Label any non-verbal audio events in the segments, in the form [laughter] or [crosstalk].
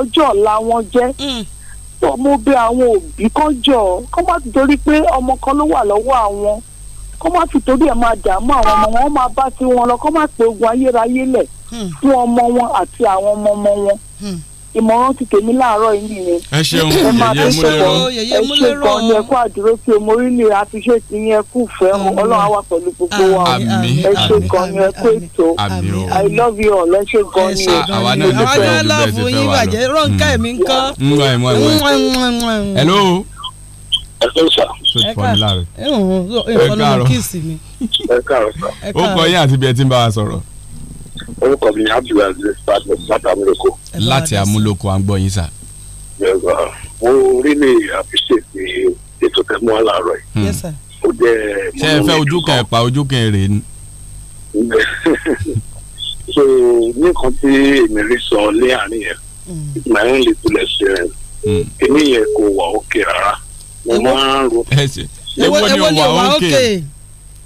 ọjọ́ ọ̀la wọn jẹ́ tó mm. mo àwọn òbí kan jọ kó má ti torí pé ọmọ kan ló wà lọ́wọ́ àwọn kó má ti torí ẹ̀ máa dààmú àwọn ọmọ wọn máa bá tiwọn lọ kó má pe ogun ayérayé lẹ̀ mm. fún ọmọ wọn àti àwọn ọmọ ọmọ wọn. Mm ìmọ̀ràn ti tèmi láàárọ̀ yìí nìyẹn. ẹ ṣeun yẹyẹ múlẹ́rọ ẹ ṣeun ní ẹkú àdúró tí omo orílẹ̀ àfiṣe ti ní ẹkú fẹ́ ọlọ́run á pẹ̀lú gbogbo wa ẹ ṣe gan ni ẹkú ètò i love you all ẹ ṣe gan ni o. àwa náà ló fẹ́ ọdún bẹ́ẹ̀ ti fẹ́ wa lọ. ronke mi nkan. hello. ẹ kọ́ sà. ẹ káàárọ̀ ẹ káàárọ̀ ó kọ orúkọ mi ni abdulwaziz fadlan láti amúlòkó. láti amúlòkó à ń gbọ́ yín sà. mo rí ní àfiṣèpè ètò tẹ mọ́ yìí. ó jẹ́ ṣé ẹ fẹ́ ojú kan ẹ̀ pa ojú kan ẹ̀ rè é. [laughs] so nǹkan tí èmi rí sọ ní àárín yẹn mm. my own little experience mm. èmi yẹn kò wà òkè rárá mo máa ń ro. ewo ni wà òkè.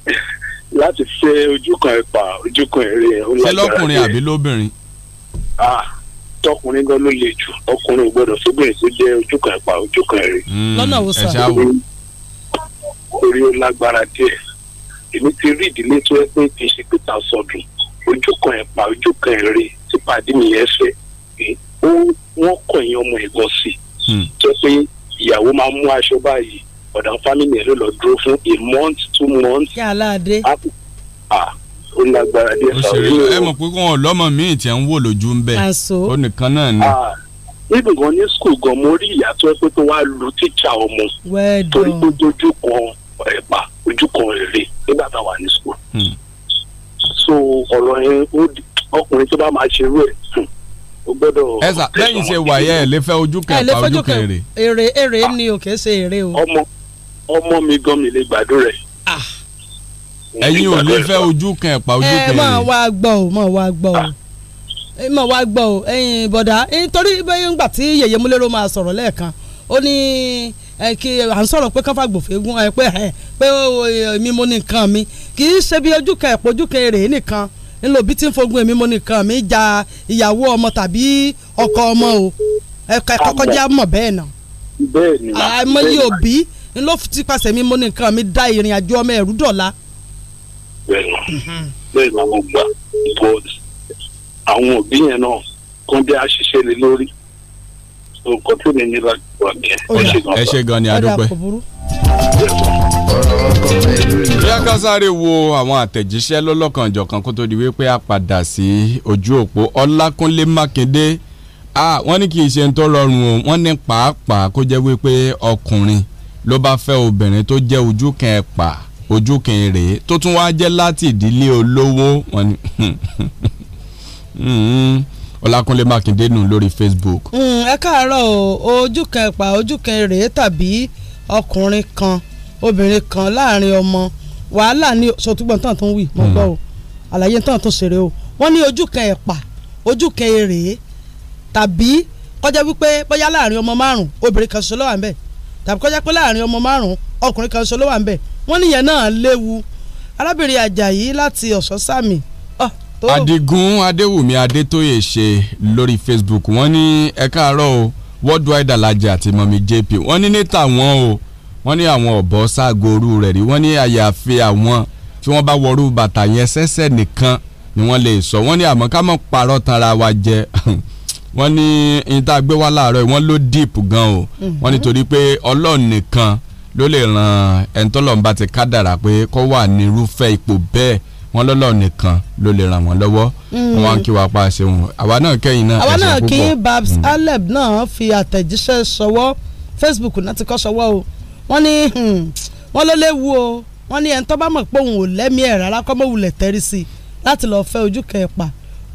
[laughs] láti ṣe ojúkan ẹ̀pà ojúkan èrè. ṣé lọ́kùnrin àbí lóbìnrin. tọkùnrin gan ló le jù ọkùnrin ò gbọdọ̀ sóbìnrin tó jẹ́ ojúkan ẹ̀pà ojúkan èrè. Hmm, lọ́nà wo sà. orí ó lágbára díẹ̀ èmi ti rí ìdílé tó yẹ pé kì í ṣe pé ta sọdún ojúkan ẹ̀pà ojúkan èrè tí pàdé mi yẹn fẹ́ wọ́n kọ̀yìn ọmọ ẹ̀gbọ́n sí i hmm. tó pé ìyàwó máa mú aṣọ báyìí ọ̀dà fámìlì ẹ̀ ló lọ dúró fún a month two months. yàrá adé. ah ó lágbára dé sàrúgbó. ẹ mọ̀ pé wọn lọ́mọ míì tí ẹ̀ ń wò lójú ń bẹ̀. àṣọ ó nìkan náà ni. níbi gan ní skul gan mo rí ìyá tó ẹ pé tó wá lu tíjà ọmọ. wẹ́ẹ̀dọ̀ torí pé dojú kan ẹ̀pà ojú kan rere nígbà tá a wà ní skul. Hmm. so ọ̀rọ̀ yẹn ọkùnrin tó bá máa ṣe irú ẹ̀ o hmm, gbọ́dọ̀. ẹ sà lẹ́yìn ṣe wàyẹ ẹ lè fẹ́ ojú kẹfà ojú kẹrẹ. èrè èrè ni o kì í ṣe o. ọmọ ọmọ mi gan mi lè gbàdúrà rẹ̀. Ah. ẹ̀yin ò ní fẹ́ ojú kan ẹ̀pà ojú eh, kan yìí. ẹ máa wá gbọ́ o máa wá gbọ́ o ah. eh, máa wá gbọ́ o ẹ̀yin bọ̀dá nítorí eh, bẹ́ẹ̀ ńgbà tí yèyé múlẹ́rọ máa sọ̀rọ̀ lẹ́ẹ̀kan ó ní kí à ń sọ̀rọ̀ pé káfá gbòfégún ẹ pé ẹ pé oh, oh, èmi mo ní nǹkan mi kì í ṣe bí ojú kan ẹ̀pọ̀ ojú kan èrè nìkan ńlò bí tí ń fogun èmi mo nìkan mi ja ìyàwó ọmọ tàbí ọkọ ọmọ o ẹ̀ka ẹ̀kọ́ kọjá mọ̀ bẹ́ẹ̀ náà bẹ́ẹ̀ ni àìmọye òbí n ló ti pàṣẹ mi mo ní mi dá ìrìn àjò ọmọ ẹ̀rú dọ̀la. bẹ́ẹ̀ ni mhm. bẹ́ẹ̀ ni àwọn gbà bọ àwọn òbí yẹn náà kó dé àṣìṣe lé lórí nǹkan tó ní nílá wà ní ẹ ṣe gan ni adúpẹ́. bóyá ká sáré wo àwọn àtẹ̀jíṣẹ́ lọ́lọ́kanjọ̀kan kó tó di wípé a padà sí ojú òpó ọlákúnlé mákindé wọ́n ní kì í ṣe ń tó rọrùn o wọ́n ní pàápàá kó jẹ́ wípé ọkùnrin ló bá fẹ́ obìnrin tó jẹ́ ojú kan ẹ̀ pa ojú kan rèé tó tún wáá jẹ́ láti ìdílé olówó wọn ni hmm, hmm, hmm, Ọlákúnlé Mákindé nù lórí Facebook. ẹ káàárọ̀ o ojú kan ẹ̀ pa ojú kan rèé tàbí ọkùnrin kan obìnrin kan láàrin ọmọ wàhálà ni sọtúgbọ̀n tán tó ń wì mọ́ gbọ́ o àlàyé tán tó ṣeré o wọ́n ní ojú kan ẹ̀ pa ojú kan rèé tàbí kọjá wípé bóyá láàrin ọmọ márùn obìnrin kan ṣoṣo ló wà ń bẹ̀ tàbí kọjá pé láàrin ọmọ márùn-ún ọkùnrin kan ṣoṣo wà ń bẹ̀ níyẹn náà léwu arábìnrin Àjàyí láti Ọ̀ṣọ́ Sàmì Adigun Adéwùmí Adétóyè ṣe lórí Facebook wọ́n ní ẹ káàárọ̀ o worldwide Alhaji àti mọ̀mí JP wọ́n ní níta wọn o wọ́n ní àwọn ọ̀bọ ságooru rẹ̀ rí wọ́n ní àyàfi àwọn tí wọ́n bá wọrú bàtà yẹn sẹ́sẹ̀ nìkan ni wọ́n lè sọ wọ́n ní àmọ́ ká mọ̀ parọ́ tanra wa jẹ [laughs] wọ́n ní níta gbé wá láàárọ̀ wọ́n ló deep gan o mhm. wọ́n nítorí pé ọlọ́run nìkan ló lè ràn ẹni tọ́lọ́run bá ti kádàrà pé kó wà nírúfẹ́ ipò bẹ́ẹ̀ wọn lọ́lọ́run nìkan ló lè ràn wọ́n lọ́wọ́ mhm. wọn kí wàá pa àṣẹ wọn àwa náà kẹ́yìn náà àwa náà kí babs mhm. aleb náà fi àtẹ̀jíṣẹ́ ṣọwọ́ facebook náà ti kọ́ ṣọwọ́ o wọ́n ní hmm, wọ́n ló léwu o wọ́n ní ẹni tó bá mọ̀ pé òun ò lẹ́mìí ẹ̀ rárá kọ́ mọ̀ wulẹ̀ tẹ́rí sí i láti lọ́ọ́ fẹ́ ojú kẹ́ẹ̀pà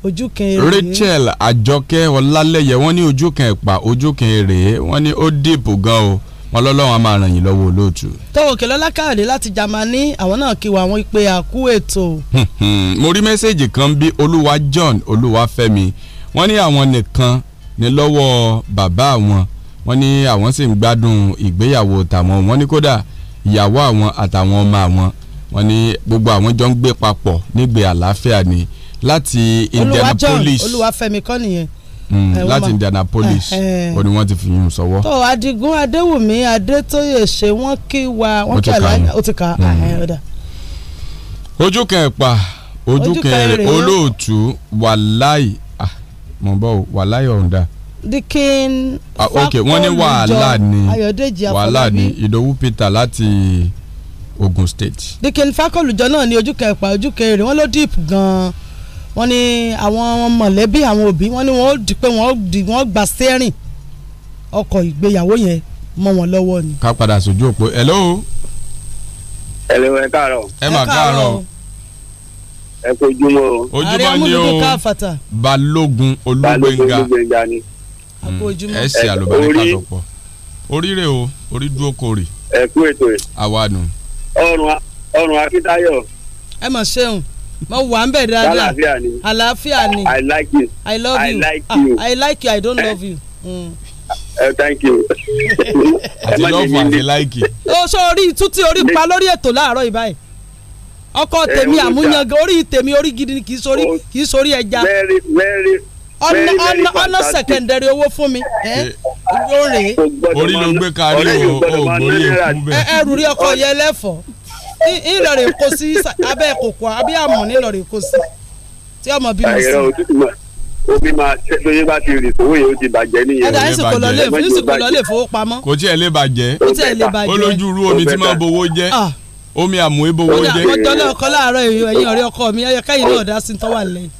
ojúkan èrè. Rachel Àjọkẹ́ Ọlálẹ́yẹ wọ́n ní ojúkan ẹ̀pà ojúkan èrè wọ́n ní ó dìbò gan o wọn lọ́lọ́run a máa ràn yín lọ́wọ́ olóòtú. tó òkè lọ́lá káàdé láti Jámánì àwọn náà kí wa àwọn ìpè àkú ètò. Hmm, hmm. mo rí mẹ́sẹ̀gì kan bí olúwa John Olúwafẹ́mi wọ́n ní àwọn nìkan ní lọ́wọ́ bàbá àwọn wọ́n ní àwọn sì ń gbádùn ìgbéyàwó tàwọn wọ́n ní kódà ìyàwó àwọn àtàwọn ọmọ àwọn wọ́n ní gbogbo àwọn jọ ń gbé papọ̀ nígbé àlàáfíà ni. Kodà, láti Indianapolis Olúwafẹ́mi kọ́ nìyẹn. Hmm, eh, láti Indianapolis ó eh, eh. ní wọ́n ti fi yún sọ́wọ́. tó Adigun Adéwùmí Adétóyè ṣe wọ́n kí wa wọ́n kí aláìní ó ti ka hmm. ah, ọ̀dà. ojú kẹpà ojú kẹrin olóòtú wàláì ah, mọ̀ bọ́ wàláì ọ̀ǹda dikin fakoli ah, ok wọ́n ní wàhálà ni wàhálà ni ìdòwú peter láti Ogun State. dikin fakoli jọ náà ní ojú kẹpà ojú kẹrin wọ́n ló dìp gan-an wọ́n ní àwọn mọ̀lẹ́bí àwọn òbí wọ́n ní wọ́n di pé wọ́n di wọ́n gba sẹ́rìn ọkọ̀ ìgbéyàwó yẹn mọ́ wọn lọ́wọ́ ni. ká padà sójú òpó hello. hello ẹ káàárọ̀. ẹ mà káàárọ̀. ẹ kò jùmọ̀ o. ojúmọ́ ni o balógun olúgbénga ẹ sì àlùbáríkà lọ́pọ̀ oríire o orí dúró kórè. ẹ kú ètò ẹ. àwa nù. ọrùn akíntayọ. ẹ mà ṣeun mo wà ń bẹ̀ dáadáa àlàáfíà ni i like you i love you i like ah, you i like you i don't love you. Mm. [laughs] Uh, thank you. àti lọ́ọ̀fù àti láìkì. ó sọ orí tútí orí pa lórí ètò láàárọ̀ ìbáyìí ọkọ eh, tèmi àmúyangàn orí tèmi orí gidi ni kì í sori oh, kì í sori ẹja ọ̀nà sẹ̀kẹ̀ndẹ̀rì owó fún mi lórí. Eh? orí ló gbé kárí o ò gbórí èkú bẹ́ẹ̀. ẹrù rí ọkọ yẹn lẹ́fọ̀ọ́ ńlọrọ̀ kó sí abẹ́ kòkó abẹ́ àmọ̀ ńlọrọ̀ kó sí tí ọmọ bí mo sì. àyẹ̀rọ òtútù mà omi máa ṣe tó yé bá ti rìn owó yẹn ó ti bàjẹ́ nìyẹn. ẹ̀dá ìsìnkú lọ́lẹ̀ ìsìnkú lọ́lẹ̀ fowópamọ́. kò tí ẹ lè bàjẹ́ ó lójú irú omi tí máa bowó jẹ́ ah. omi àmúwé bowó jẹ́. mo jọ náà kọ́ láàárọ̀ èyí ẹ̀yìn ọ̀rẹ́ ọkọ mi ẹ̀yẹ kẹ́yìn náà dá sí tó wà lẹ́yìn.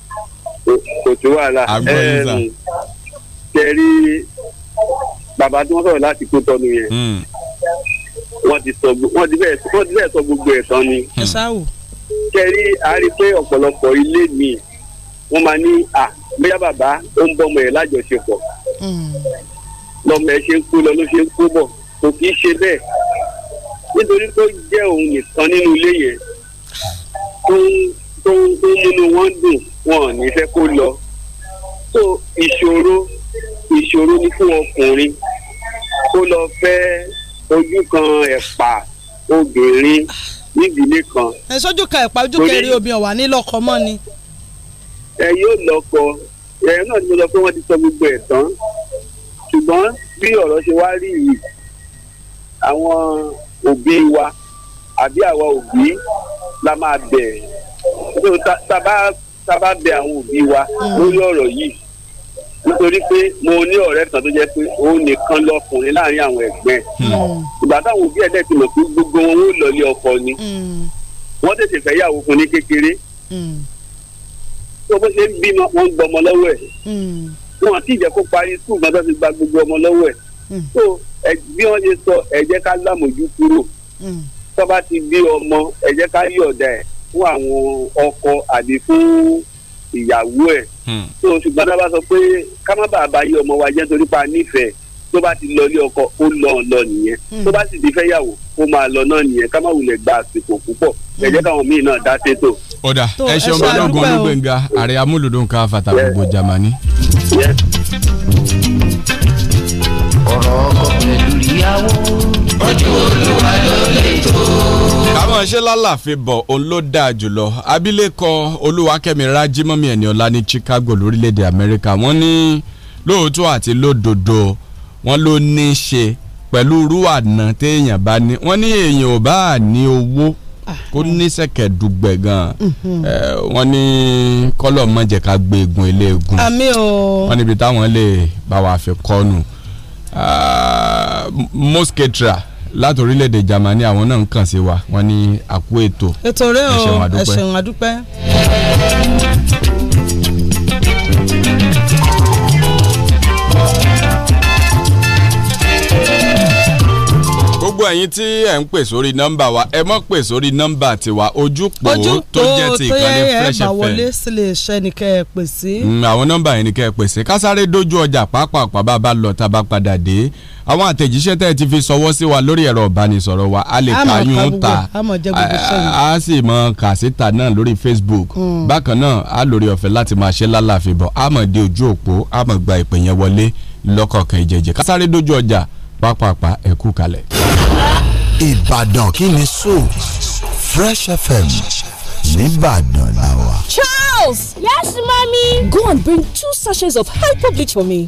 kò tí wàhálà kẹrí bàbá tí wọ́n sọ̀rọ̀ láti kó tọ́nu yẹn hmm wọ́n ti sọ wọ́n ti bẹ́ẹ̀ wọ́n ti bẹ́ẹ̀ sọ gbogbo ẹ̀ tán ni. ẹ sáwò. kẹrí àárí pé ọ̀pọ̀lọpọ̀ ilé mi wọ́n máa ní à bóyá bàbá ó ń bọ́mọ ẹ̀ lájọṣepọ̀ mm. lọ́mọ ẹ̀ ṣe ń kú lọ ló ṣe ń kú bọ̀ kò kì í ṣe bẹ́ẹ̀ nítorí tó jẹ́ òun nìkan nínú ilé yẹn tó ń tó ń tó ń múnú wọn dùn wọn ní fẹ́ kó lọ so ìṣòro ìṣòro ni fún ọkùnrin kó lọ fẹ́ẹ́ ojú kan ẹ̀pà obìnrin nídìílé kan. ẹ sójú kan ẹ̀pà ojú kẹrin obìnrin ọ̀wà nílọ́kọ mọ́ ni. ẹ yóò lọ́kọ ẹ náà ni mo lọ pé wọ́n ti sọ gbogbo ẹ̀ tán ṣùgbọ́n bí ọ̀rọ̀ ṣe wá rí yìí àwọn òbí wa àbí àwa òbí la máa bẹ̀ tá a bá bẹ̀ àwọn òbí wa lórí ọ̀rọ̀ yìí nítorí pé mo ní ọ̀rẹ́ kan tó jẹ́ pé òun nìkan lọkùnrin láàrin àwọn ẹ̀gbẹ́ hmm. hmm. ìgbà táwọn òbí ẹ̀dẹ́ ti mọ̀ pé gbogbo wọn ó lọlé ọkọ ni hmm. wọ́n tètè fẹ́ yàwó fún ní kékeré tó bó ṣe ń bímọ wọ́n ń gbọmọ lọ́wọ́ ẹ̀ wọn àti ìjẹ́ kó parí skul gan tó ti gba gbogbo ọmọ lọ́wọ́ ẹ̀ tó bí wọ́n ṣe sọ ẹ ká lámòjú kúrò tó bá ti bí ọmọ ẹ ká yọ̀ọ̀dà ẹ̀ fún àwọn ọkọ àbí fún ìyàwó ẹ̀ tó ṣùgbọ́n tá a bá sọ pé ká má bá yí ọmọ wa jẹ́ torí pa nífẹ̀ẹ́ tó bá ti lọ ilé ọkọ ó lọ lọ nìyẹn hmm. tó bá sì ti fẹ́ yàwó ó máa lọ náà nìyẹn ká má gba àsìkò púpọ̀ ẹ káwọn míì náà dá sétò. ọ̀dà ẹ ṣeun balógun olúgbẹ̀ngà ààrẹ amúlùdóńkà fata gbogbo jamani. ọ̀rọ̀ ọkọ pẹ̀lú ìyàwó ojú olúwa ló káwọn ṣe lálàfin bọ̀ òun ló dáa jùlọ abilékọ olúwakẹ́mi rájímọ́mí ẹ̀niọ̀lá ní Chicago lórílẹ̀‐èdè Amẹ́ríkà wọ́n ní lóòótọ́ àti lódodo wọ́n ló ní í ṣe pẹ̀lú irú àná téèyàn bá ní wọ́n ní èèyàn ò bá ní owó kó ah, ah. ní sẹ̀kẹ̀ dùgbẹ̀ gan mhm. wọ́n ní kọ́lọ̀ mọ̀jẹ̀ ká gbé egun eléegun wọ́n níbi táwọn lè bá wa fi kọ́nu ah, mosquetra láti orílẹ̀-èdè Germany àwọn náà ń kàn sí wa wọ́n ní àkú ètò ètò rẹ o ẹ̀ṣẹ̀ wọn àdúpẹ́. ẹ̀yin tí ẹ̀ ń pè sórí nọ́mbà wa ẹ mọ́ pè sórí nọ́mbà tiwa ojúpò tó jẹ́ ti ìkànnì fresh fm. ojúpò tó yẹ ẹ bá wọlé sílé iṣẹ́ ni kẹ́ ẹ pè sí. Mm, àwọn nọ́mbà yẹn ni kẹ́ ẹ pè sí kásáré dojú ọjà pàápàá bá bá lọ tá a bá padà dé àwọn àtẹ̀jíṣẹ́ tẹ́ ẹ ti fi sọwọ́ sí wa lórí ẹ̀rọ ìbánisọ̀rọ̀ wa a lè ka yún ta a sì mọ kà síta náà lórí facebook mm. bákan náà a lórí ọ̀fẹ́ láti máa ṣe lálàfin bọ̀ a mọ̀ dé ojú òpó a mọ̀ gba ìpè yẹn wọlé lọ́kọ̀ọ̀kan ìjẹ̀jẹ̀ kásáré dojú ọjà pápápá ẹ̀kú kalẹ̀. Ìbàdàn kí ni so Fresh FM nìbàdàn la wà. Charles! Yes, mommy? Go and bring two sachets of hypo bleach for me.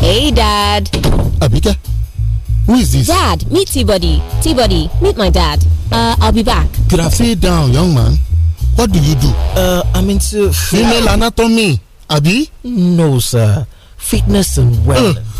Hey, Dad. Abika, who is this? Dad, meet T-Body. T-Body, meet my dad. Uh, I'll be back. Could I sit down, young man? What do you do? Uh, I'm into... Female anatomy, Abi? No, sir. Fitness and uh, wellness. Uh.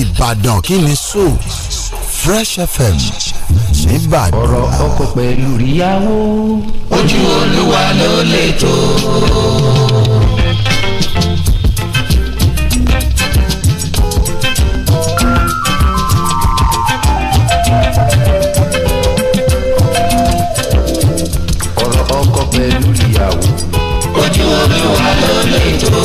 Ìbàdàn kí ni so Fresh FM nìbàdàn. ọ̀rọ̀ ọkọ pẹ̀lú ìyàwó ojú Olúwa ló lè tó. ọ̀rọ̀ ọkọ pẹ̀lú ojú Olúwa ló lè tó.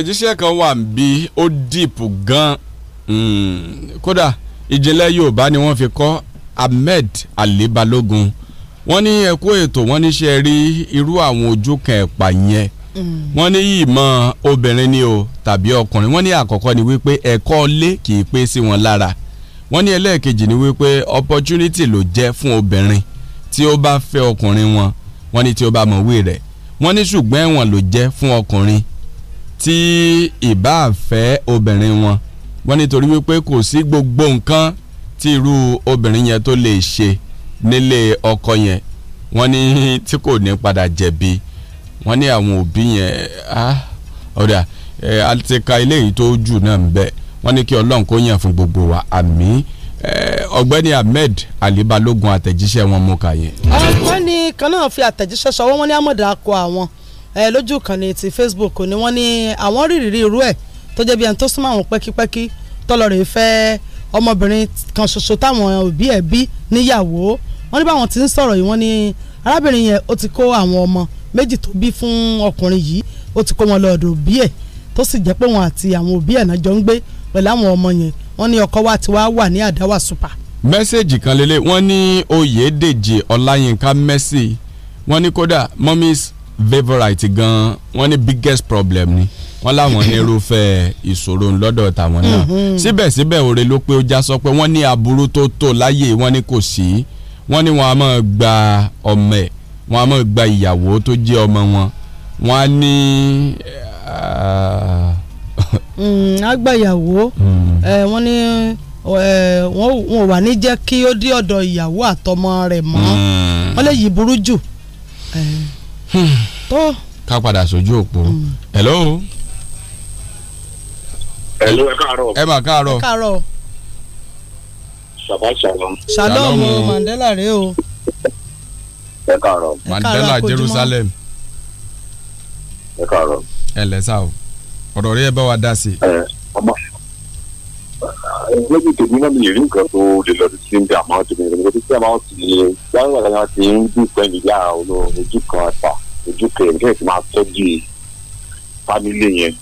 àtẹ̀jíṣẹ́ kan wà bí ó dìpù gan hmm, kódà ìjìnlẹ̀ Yorùbá ni wọ́n fi kọ́ Ahmed Ali Balógun wọ́n ní ẹ̀kú ètò wọ́n ní ṣe rí irú àwọn ojú kan ẹ̀pà yẹn hmm. wọ́n ní ìmọ̀ obìnrin ni o tàbí ọkùnrin wọ́n ní àkọ́kọ́ ni wípé ẹ̀kọ́ lé kì í pé sí wọn lára wọ́n ní ẹlẹ́ẹ̀kejì ni wípé opportunity ló jẹ́ fún obìnrin tí ó bá fẹ́ ọkùnrin wọn wọ́n ní tí ó bá mọ̀wé rẹ̀ wọ́n ní ṣùgbọ́n ẹ̀wọ̀n ló jẹ́ fún ọkùnrin tí ìbá àfẹ́ obìnrin wọn wọ́n nítorí wípé kò sí gbogbo nǹkan tí irú obìnrin yẹn tó lè ṣe nílé ọkọ yẹn wọ́n ní [laughs] tí kò ní padà jẹ̀bi wọ́n ní àwọn òbí yẹn ọ̀dà a ti ka eléyìí tó jù náà ń bẹ wọ́n ní kí ọlọ́run kó yàn fún gbogbo wa àmín ọ̀gbẹ́ni ahmed alibalógun àtẹ̀jíṣẹ́ wọn mú kàyé. wọ́n kan náà fi àtẹ̀jíṣẹ́ sọ wọ́n ní amọ̀dà kọ àwọn ẹ lójú ìkànnì ti Facebook ni wọ́n ní àwọn rírìírí irú ẹ̀ tó jẹ́ bí ẹni tó súnmọ́ àwọn pẹ́kípẹ́kí tọ́lọ́rẹ̀ fẹ́ ọmọbìnrin kan ṣoṣo táwọn òbí ẹ̀ bí níyàwó wọ́n ní báwọn ti ń sọ̀rọ̀ yìí wọ́n ní arábìnrin yẹn ó ti kó àwọn ọmọ méjì tó bí fún ọkùnrin yìí ó ti kó wọn lọ́ọ̀dọ̀ òbí ẹ̀ tó sì jẹ́ pé wọn àti àwọn òbí ẹ̀ náà jọ ń gbé pẹ̀lú àwọn ọmọ yẹn wọ́n ní ọkọ wa ti wá wà ní àdáwà super. mẹ́sẹ̀gì kan lélẹ̀ wọ́n ní Oyèdèjì Ọláyínká Mercy wọ́n ní kódà mummies vaporite gan wọ́n ní biggest problem ni wọ́n láwọn ní irúfẹ́ ìṣòro lọ́dọ̀ tàwọn náà mm-hmm. síbẹ̀síbẹ̀ òre ló pé ó já sọ pé wọ́n ní aburú tó tó láyé wọ́n ní kò sí wọ́n ní wọ́n á máa gba ọmọ ẹ̀ wọ́n á máa gba ìyàwó tó jẹ́ ọmọ wọn wọ́n á ní agbáyàwó ah, mm, mm. eh, wọ́n ní eh, wọ́n wà ní jẹ́ kí ó dé ọ̀dọ̀ ìyàwó àtọmọ rẹ̀ mọ́ mm. wọ́n lè yí burú jù. Eh. Hmm tó. ká padà sójú òpó. hello. hello ẹ káàárọ̀. ẹ bá káàárọ̀. ẹ káàárọ̀. shabbat shalom. shalom o mandela rèé o. ẹ káàárọ̀. mandela jerusalem. ẹ káàárọ̀. ẹ lẹ́sà o ọ̀rọ̀ rí ẹ bá wa dá sí. ẹ ọmọ lójú tèmi náà mi rí nǹkan tó lè lọ sí ní àmọ́ tèmi rẹ̀ nígbà tí àmọ́ ti lè dáhùn àgbà tí ń dùn pẹ̀lú yàrá olóòrùn ojú kan àtà ojú kẹrẹ kẹrẹ ti máa tọ́jú fámílì yẹn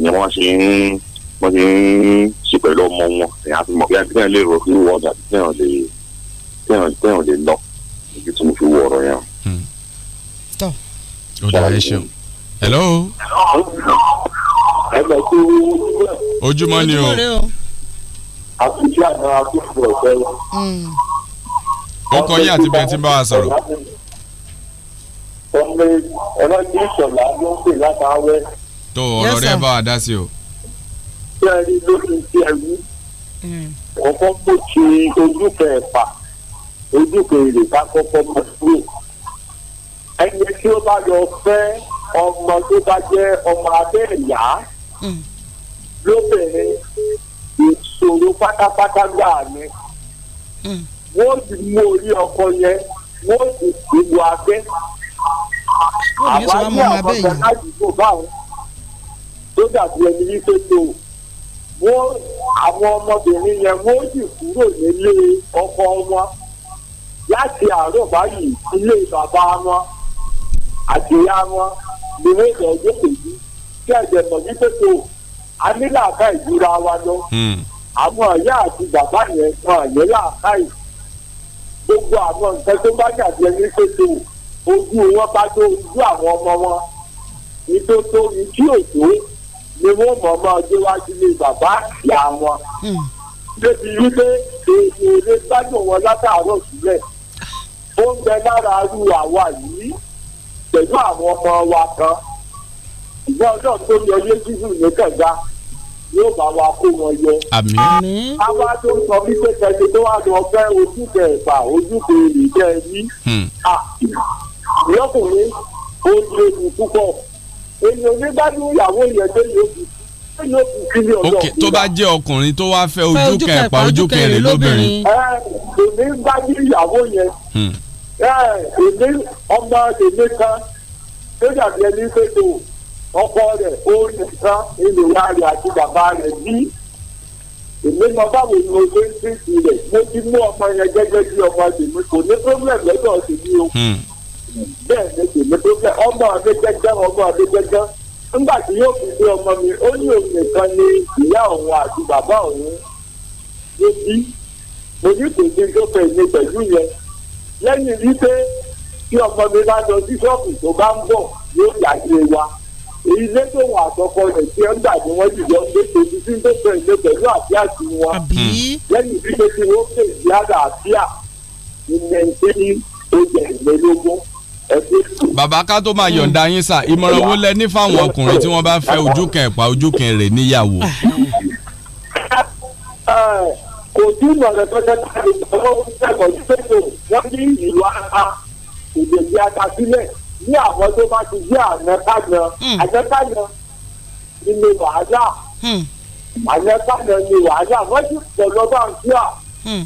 ìyẹn wọ́n ṣe ń wọ́n ṣe ń ṣe pẹ̀lú ọmọ wọn èèyàn fi mọ̀ bí ẹni tẹ́yàn lè rọ irú ọ̀dà tẹ́yàn lè tẹ́yàn tẹ́yàn lè lọ ibi tí mo fi wọ ọ̀rọ̀ yẹn. Hmm. tọ́ o dà ẹ ṣeun. hello. ẹgbẹ́ tó ojúmọ́ ni o. àtúntí àná akúfù ọ̀fẹ́. Hmm. ó kọ yín àti bẹ́ẹ̀ tí ń bá wa sọ̀rọ̀ ọmọ ọ̀rọ̀ ní ìṣọ̀lá ló ń pè látàwẹ́. tó ọ̀rọ̀ bá wa dá sí o. ṣé ẹ rí lórí ti ẹrú mm. kọ́kọ́ kò ṣe ojúkẹ ẹ̀fà ojúkẹ èrè ká kọ́kọ́ mọ̀ sí ẹni tí ó bá lọ fẹ́ ọmọ tó bá jẹ́ ọmọ abẹ́ ẹ̀yà mm. lóbìnrin ìṣòro pátápátá gbáà ni mm. wọ́n ti mú orí ọkọ yẹn wọ́n ti ti abẹ́ àwa ní àkọsán ládùúgbò báwọn tó dàbí ẹni wípé tó wọ́n àwọn ọmọbìnrin yẹn wọ́n sì kúrò nílé ọkọ wọn láti àárọ̀ báyìí ilé bàbá wọn àti wọn ni wọ́n lọ jókòó sí kí ẹ̀jẹ̀ mọ̀ wípé tó a ní làákà ìdúrà wa lọ hmm. àwọn ìyá àti bàbá yẹn kan àyẹ́là káì gbogbo àwọn nǹkan tó bá dàbí ẹni pé tó o ojú wọn bá tó ojú àwọn ọmọ wọn ìtótó ìdí òtó ni wọn mọ̀ọ́mọ́ ọjọ́ wájú ní bàbá àyà wọn. débi wípé èèyàn èrè gbádùn wọn látàárọ̀ sílẹ̀ ó ń bẹ lára irú àwa yìí pẹ̀lú àwọn ọmọ wa kan ìgbà ọjọ́ tó yọ yéjúfù ní kẹ̀gá yóò bá wa kó wọn yọ. àmín. àwa tó ń sọ wípé kẹ́ni tó wà lọ fẹ́ ojúbẹ̀ ẹ̀fà ojúbẹ̀ èrè jẹ́ ẹni. Hmm. Ah, lọ́kùnrin ó lè dùn púpọ̀ èèyàn onígbàdùn ìyàwó yẹn tó lè dùn ok tó bá jẹ́ ọkùnrin tó wá fẹ́ ojú kẹpa ojú kẹrin lóbìnrin. ẹ èmi ń bá ní ìyàwó yẹn hmm. ẹ èmi ọmọ èmi kan tó dàbí ẹni pé tó ọkọ rẹ̀ ó nìkan ènìyàn rẹ̀ àti bàbá rẹ̀ bí èmi mọ báwo ni mo ṣe ń tìsí rẹ̀ mo ti mú ọmọ yẹn gẹ́gẹ́ bí ọmọ tèmi kò ní problem lọ́dọ̀ tèmi o. Hmm bẹ́ẹ̀ ni kò ní problem ọmọ mi gẹ́gẹ́ ọmọ mi gẹ́gẹ́ nígbà tí yóò fi gbé ọmọ mi ó ní òun nìkan ni ìyá òun àti bàbá òun ló bí mo ní kò ní tó fẹ́ mi pẹ̀lú yẹn lẹ́yìn wípé tí ọmọ mi bá lọ sí ṣọ́ọ̀bù tó bá ń bọ̀ yóò yàgbé wa ilé tó wà àtọkọ rẹ tí ẹ ń gbà ní wọn jùlọ ń gbé tèmi tí ń tó fẹ́ ilé pẹ̀lú àti àti wọn lẹ́yìn wípé tí wọn fẹ́ ìyá àlàáfíà ìmẹ̀ǹtẹ́ni ojú ẹ̀gbẹ́ lógún bàbá ká tó máa yọ̀ǹda yín sà ìmọ̀ràn wo lẹ ní fáwọn ọkùnrin tí wọ́n bá fẹ́ ojúkan ẹ̀pà ojúkan rẹ̀ níyàwó. kò sí ìmọ̀ràn tó tẹ́ ká lè tọ́wọ́ ìjẹ́kọ̀ọ́ sí pẹ̀lú wọ́n ní ìlú ara ìdèjì àtàsílẹ̀ ní àwọn tó bá ti jẹ́ àmẹ́kànnà hmm. àmẹ́kànnà ilé wàhálà hmm. àmẹ́kànnà ilé wàhálà wọ́n ti pọ̀ lọ́gbà ń kíá. Hmm.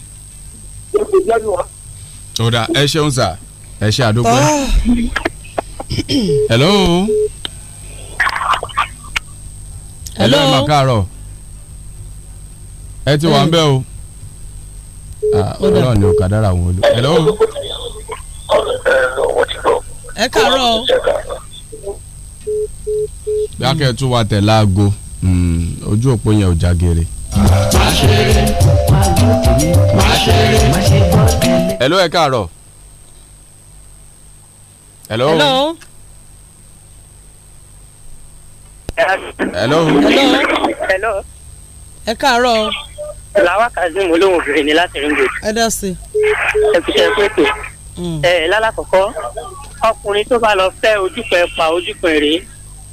ó ti jẹ́ nu wa. ó dà ẹ ṣeun sà ẹ ṣe àdópẹ́. hello. Ah. hello ẹ máa káàárọ̀ ẹ ti wà ń bẹ̀ o. Ah, ọlọ́run ni ò kádàrà wọn lò. hello. ẹ káàárọ̀ o. bí a kẹ́ ẹ tún wa tẹ̀ láago hmm, ojú òpó yẹn ò já geere. máa ṣeré máa ṣeré. hello ẹ káàárọ̀ hello. hello. hello. hello. ẹ káàárọ̀. làwa kazeem olóhùn obìnrin ni láti ringo. ẹ dá sí. ẹ fi ṣe pépè. ẹ lálàkọ̀kọ́ ọkùnrin tó bá lọ fẹ́ ojúpẹ̀ pa ojúpẹ̀ rèé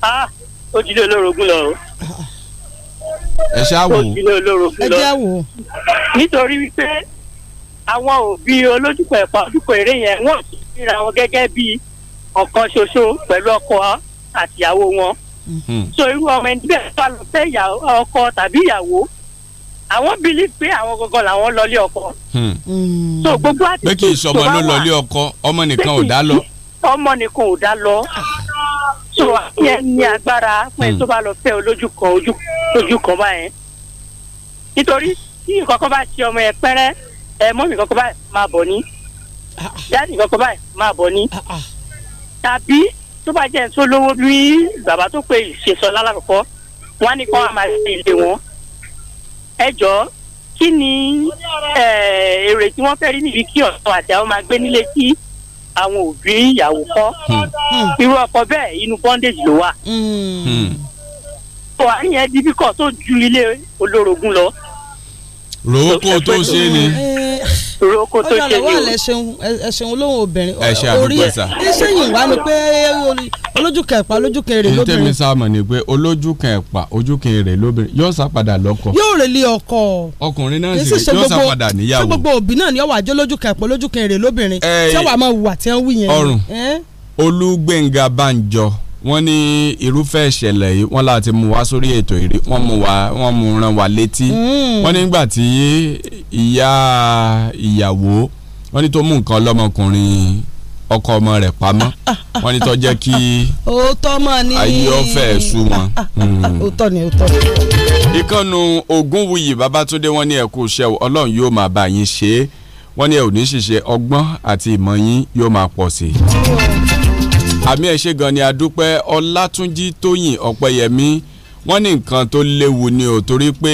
á ojúlé olórogún lọ o. ẹ ṣáà wò ó ojúlé olórogún lọ. ẹ jẹ́ wò ó. nítorí wípé àwọn òbí olójúpẹ̀ pa ojúpẹ̀ rèé yẹn wọ́n ti ríra wọn gẹ́gẹ́ bíi ọ̀kan ṣoṣo pẹ̀lú ọkọ àtìyàwó wọn hmm. so irú ọmọ ẹni bẹ́ẹ̀ bá lọ fẹ́ ọkọ tàbí ìyàwó àwọn believe pé àwọn gangan làwọn lọlé ọkọ. Hmm. Hmm. so gbogbo àti tó bá pé kì í sọmọ ló lọlé ọkọ ọmọ nìkan ò dá lọ. ọmọ nìkan ò dá lọ so yẹn ní agbára pé tó bá lọ fẹ́ olójú kan ojú kan báyẹn. nítorí tí ìkọ̀kọ̀ bá ti ọmọ yẹn pẹ́rẹ́ ẹ mọ́mì kọ̀kọ̀ báyìí máa bọ̀ ní dáàdì ah, ah. kọ̀kọ̀ báyìí máa bọ̀ ní tàbí tó bá jẹ́ tó lówó bí bàbá tó pe ìṣèṣọ lálàkọ́kọ́ wọn á ní kó máa ṣe ilé wọn. ẹ jọ kí ni èrè tí wọ́n fẹ́ rí níbi kí ọ̀sán àti àwọn máa gbé nílé kí àwọn òbí ìyàwó kọ́ hmm. irú ọkọ bẹ́ẹ̀ inú bondage ló wà. ọ̀hún hmm. hmm. yẹn di bíkọ̀ tó ju ilé olórogún lọ ròókò tó ṣe ni. ròókò tó ṣe ni o. ọjọ́ àlẹ́ ẹ̀ṣẹ̀hún olóhùn obìnrin orí ẹ̀ṣẹ̀yìn wá ni pé olójú kẹ̀pà olójú kẹrẹ̀ lóbìnrin. ntẹ́mi sáàmù ni pé olójú kẹ̀pà ojú kẹrẹ̀ lóbìnrin yóò sá padà lọ́kọ. yóò rè lé ọkọ. ọkùnrin náà sì yóò sá padà níyàwó. ṣé gbogbo òbí náà ni ọwọ́ àjọ olójú kẹ̀pà olójú kẹrẹ̀ lóbìnrin ṣé wàá máa wù àti ẹ̀ ń wù wọ́n ní irúfẹ́ ìṣẹ̀lẹ̀ yìí wọ́n láti mú wá sórí ètò ìrí wọ́n mú wá wọ́n mú ràn wá létí hmm. wọ́n nígbà tí ìyá ìyàwó wọ́n ní tó mú nǹkan lọ́mọkùnrin ọkọ ọmọ rẹ̀ pamọ́ wọ́n ní tó jẹ́ kí ayé ọ̀fẹ́ sú wọn. Hmm. òótọ́ ni òótọ́ ni. ìkànnù Ògúnwùyí Babátúndé wọ́n yóò máa bá yín ṣe é wọ́n ní ẹ̀ ò ní ṣiṣẹ́ ọgbọ́n àti ìmọ̀ yín yóò máa pọ̀ sí i àmì ẹ ṣé gan ni adúpẹ́ ọlátúnjí tóyìn ọ̀pẹyẹmí wọ́n ní nǹkan tó léwu ni ò torí pé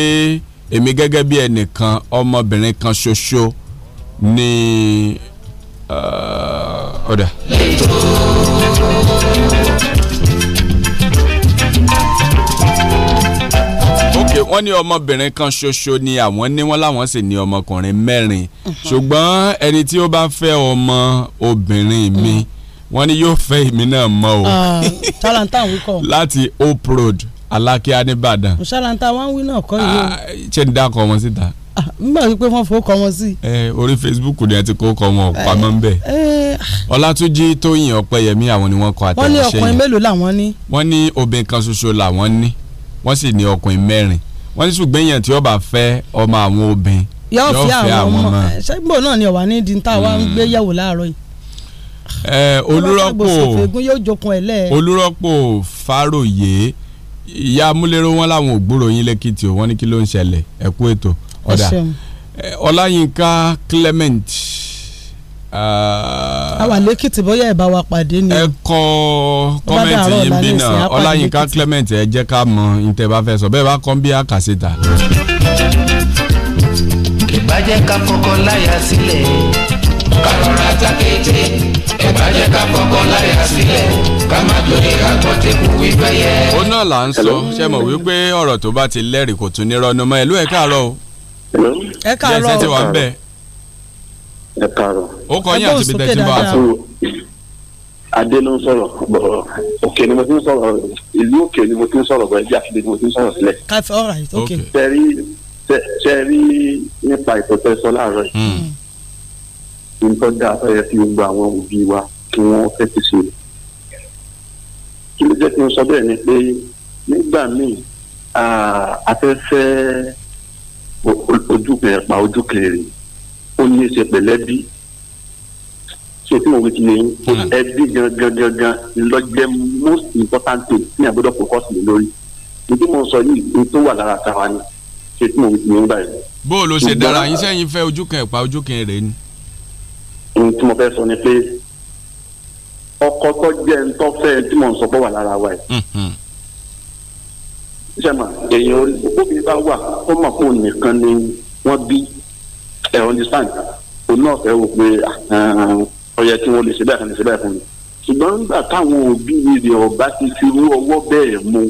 èmi gẹ́gẹ́ bí ẹnìkan ọmọbìnrin kan ṣoṣo ni uh, ọ̀dà. ok wọ́n ní ọmọbìnrin kan ṣoṣo ni àwọn ní wọ́n láwọn sì ní ọmọkùnrin mẹ́rin mhm. ṣùgbọ́n ẹni tí ó bá fẹ́ ọmọ obìnrin mi. Mm -hmm wọ́n ní yóò fẹ́ èmi náà mọ́ o. Ah, talanta wí kọ́. [laughs] láti hope road alákíá nìbàdàn. talanta wọn wí náà kọ́ yìí. Ah, ṣé n dá ọkọ wọn síta. Ah, n gbà wípé wọ́n fowó kọ́ wọn sí. orí facebook ni ẹ ti kó kọ́ wọn eh, pamọ́ ń bẹ̀. Eh, ọlátúnjí tóyìn ọpẹyẹmí àwọn ni wọ́n kọ àtẹ̀wọ́sẹ́ yẹn. wọ́n ní ọkùnrin mélòó làwọn ní. wọ́n ní obìnrin kan ṣoṣo làwọn ní wọ́n sì ní ọkùnrin mẹ́rin wọ́n ní ṣùgbọ́n èèyàn tí ó bá fẹ́ ọmọ àwọn obìnrin yóò fẹ́ àwọn ọmọ. Eh, ṣé náà ni ọ̀wá ní di ní tá a ń hmm. gbé yẹ̀wò láàárọ̀ yìí olùrọ́pò olùrọ́pò fàròyé ìyá amúlérò wọn làwọn ògbúrò yín lẹ́kìtì wọn ní kí ló ń ṣẹlẹ̀ ẹ kú ètò ọ̀dà ọláyínká clement. àwa lẹ́kìtì bóyá ẹ̀ bá wa pàdé ni. ẹ kọ kọ́mẹ̀ntì yìí bí náà ọláyínká clement ẹ jẹ́ ká mọ ntẹ̀ bá fẹ́ sọ bẹ́ẹ̀ bá kọ́ ń bí àkàṣetà. ìbàjẹ́ ká kọ́kọ́ láyà sílẹ̀ kàrọ̀rà ta kété ẹ bá jẹ́ ká kọ́kọ́ láyé àsílẹ̀ ká má torí agbọ́tẹ́kù wípé yẹ. ó náà là ń sọ ṣe mọ̀ wípé ọ̀rọ̀ tó bá ti lẹ́rìí kò tún ní rọ́nà mọ́ ẹ̀lú ẹ̀ káàárọ̀ o. ẹ káàárọ̀ jẹ́sẹ̀ ti wà ń bẹ̀. ẹ káàárọ̀. ó kọ yín àti bíbẹ́ tí ń bá a sọ. adé ló ń sọ̀rọ̀ òkè ni mo ti ń sọ̀rọ̀ ìlú òkè ni mo ti ń sọ̀rọ̀ bọ̀ẹ́jì àti ibi mo ti ń sọ̀rọ̀ sílẹ̀ nǹkan dáa tó yẹ kí gbogbo àwọn òbí wa kí wọ́n fẹ́tí sí i. kí ló jẹ́ kí n sọ bẹ́ẹ̀ ni pé nígbà míì afẹ́fẹ́ ojú kẹrẹ pa ojú kẹrẹ ó ní í ṣe pẹ̀lẹ́bí sókè òwe ti yẹn hmm. ẹbí gangan gangan lọ́jẹ́ most important thing ní àgbẹ̀dọ̀ focus mi lórí nítorí mo sọ yìí ní tó wà lára tàwa ni sókè òwe ti yẹn báyìí. bó o lo ṣe dára yín sẹ́yìn fẹ́ ojú kẹrẹ pa ojú ni tí mo fẹ́ sọ ni pé ọkọ tó jẹ́ ń tọ́ fẹ́ tí mo ń sọ pé wà lára wa yìí. sẹ́mà mm-hmm. èèyàn omi bá wà ó mọ̀ pé òun nìkan ni wọ́n bí ẹ̀ understand òun náà fẹ́ wò pé ọyẹ tí wọ́n lè ṣe bẹ́ẹ̀ kan lè ṣe bẹ́ẹ̀ fún mi. ṣùgbọ́n nígbà táwọn òbí rẹ̀ ọba ti fi rú ọwọ́ bẹ́ẹ̀ mu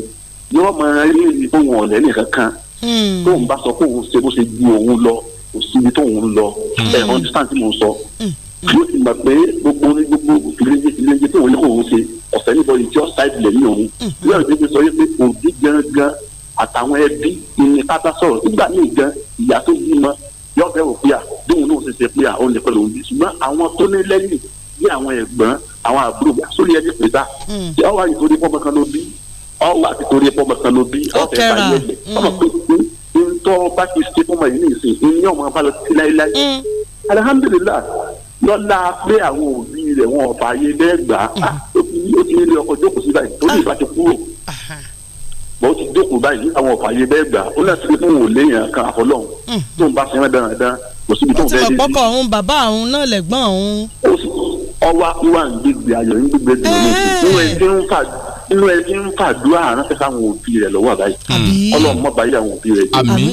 yóò máa rí èyí tó wọn ọ̀lẹ́ nìkan kan hmm. tóun bá sọ pé òun ṣe bó ṣe ju òun lọ kò síbi lọ hmm. ẹ̀ understand tí mo sọ. Hmm yóò sì mọ̀ pé gbogbo ní gbogbo ìlẹ́jẹ̀ tó wọlé kò ń ṣe ọ̀sẹ̀ níbo ìjọ ṣáìbìlẹ̀ ní òun mm-hmm. yóò rí pé sọ yé pé òbí gangan àtàwọn ẹbí ìní pátá sọ̀rọ̀ nígbà míì gan ìyá tó bímọ yóò bẹ̀ wò pé à bóun náà ṣe ṣe pé à ó lè pẹ̀lú òun bí ṣùgbọ́n àwọn tó ní lẹ́yìn bí àwọn ẹ̀gbọ́n àwọn àbúrò sórí ẹni pè mm. sá ọ wà nítorí pọ́mọ kan ló bí ọ wà nítorí pọ́mọ kan ló bí ọ̀fẹ́ báyẹn ọmọ mm. pé ń tọ́ bá ti ṣe fọ́mọ yìí ní ìsìn ìyẹn ọmọ bá lọ sí láéláé mm. alihamdulilayi lọ́la pé àwọn òbí rẹ̀ wọn fààyè lẹ́gbàá mm-hmm. ah, ó ti nílé ọkọ̀ jókòó sí báyìí tó ní ìbá ah. ti kúrò bọ́n ó ti jókòó báyìí àwọn fààyè lẹ́gbàá ó láti pé fún òun léèyàn kan àfọlọ́hún mm. tó ń bá sẹ́wọ́n dáradára kò síbi tó ń fẹ́ dé sí. ó ti mọ̀ pọ́kọ̀ òun bàbá òun náà lẹ́gbọ́n òun. ọwọ́ wà ń gbégbé ayọ̀ ń gbégbé dùn ní ìwé tí ń fà inú ẹbí ń fàdúrà ránṣẹ́ sáwọn òbí rẹ̀ lọ́wọ́ àbáyé ọlọ́run mọ̀ báyìí àwọn òbí rẹ̀ jẹ́ tí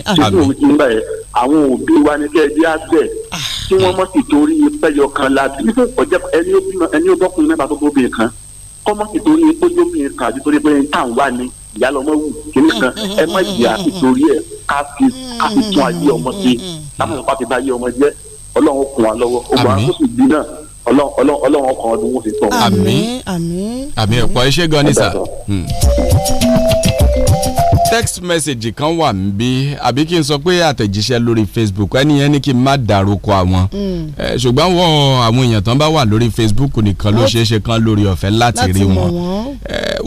àwọn òbí wa ní kẹ́ ẹ ah. bí á bẹ̀ tí wọ́n mọ̀ sí torí pẹ́yọ kan la bí ọ̀jẹ́ ẹni ó mẹ́ta tó gbóbi kan kọ́ mọ̀ sí torí pójóbi kan àti torí pé táwọn wà ní ìyálọ́mọ wù kíní kan ẹ má jìyà àti torí ẹ̀ ká fi tún ayé ọmọ ṣe láwọn mm, mm, mm, ìpàtẹ́bá ayé ọmọ ọlọ́run ọkàn ọdún wọn ti tọ̀. àmín àmín àmín ẹ̀pọ̀ iṣẹ́ gan ni sà. Hmm. text message kan wà níbí àbí kí n sọ pé àtẹ̀jíṣẹ́ lórí facebook ẹni yẹn ní kí n má dárúkọ àwọn hmm. ṣùgbọ́n wọ́n àwọn èèyàn tán bá wà lórí facebook nìkan ló ṣeé ṣe kan lórí ọ̀fẹ́ láti rí wọn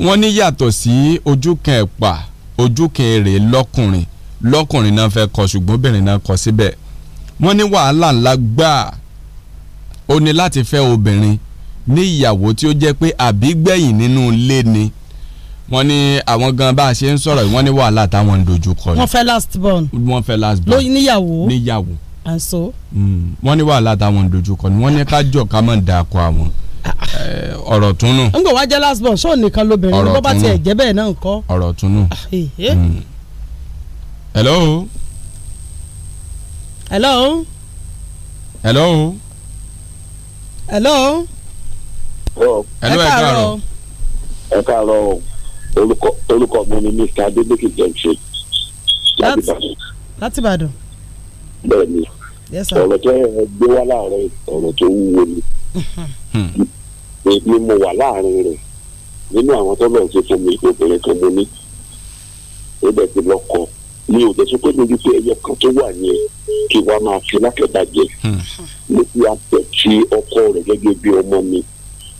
wọ́n ní yàtọ̀ sí ojú kan ẹ̀pà ojú kan èrè lọ́kùnrin lọ́kùnrin náà fẹ́ kọ ṣùgbọ́n obìnrin náà kọ síbẹ̀ wọ́n ní wàhálà ńlá gbáà ó ní láti fẹ́ obìnrin ní ìyàwó tí ó jẹ́ pé àbígbẹ̀yìn nínú ilé ni wọ́n ní àwọn gan bá a ṣe ń sọ̀rọ̀ wọ́n ní wàhálà táwọn ń dojú kọ. wọ́n fẹ́ last born. wọ́n fẹ́ last born. lóyún níyàwó. níyàwó. and hmm. wọ́n ní wàhálà táwọn ń dojú kọ ni wọ́n ní ká jọ ká mọ̀ dáa kọ àwọn eh, ọ̀rọ̀ túnú. n kò wá jẹ́ last born ṣóò nìkan lóbìnrin ló bá tiẹ̀ jẹ́ bẹ́ẹ̀ náà ńkọ́. ọ̀rọ̀ túnú. Ah, eh, eh. Hmm. hello. hello. hello hello. hello ẹ káàárọ̀. ẹ káàárọ̀ orúkọ orúkọ mi ni mr adeleke johnson láti ìbàdàn. láti ìbàdàn. bẹ́ẹ̀ni ẹ gbé wá láàárọ̀ ọ̀rọ̀ tó wúwo ni èmi hmm. mo wà láàrin rẹ̀ nínú àwọn tó lọ́ọ́ ṣe fún mi obìnrin kan mo ní ó bẹ̀ ti lọ́kọ̀ọ́ mi ò lè sọ pé mi rí pé ẹyọ kan tó wà yẹn kí wàá máa fi lákẹ́bàjẹ́ hmm. mo fi àpẹ̀tì ọkọ rẹ̀ gẹ́gẹ́ bí ọmọ mi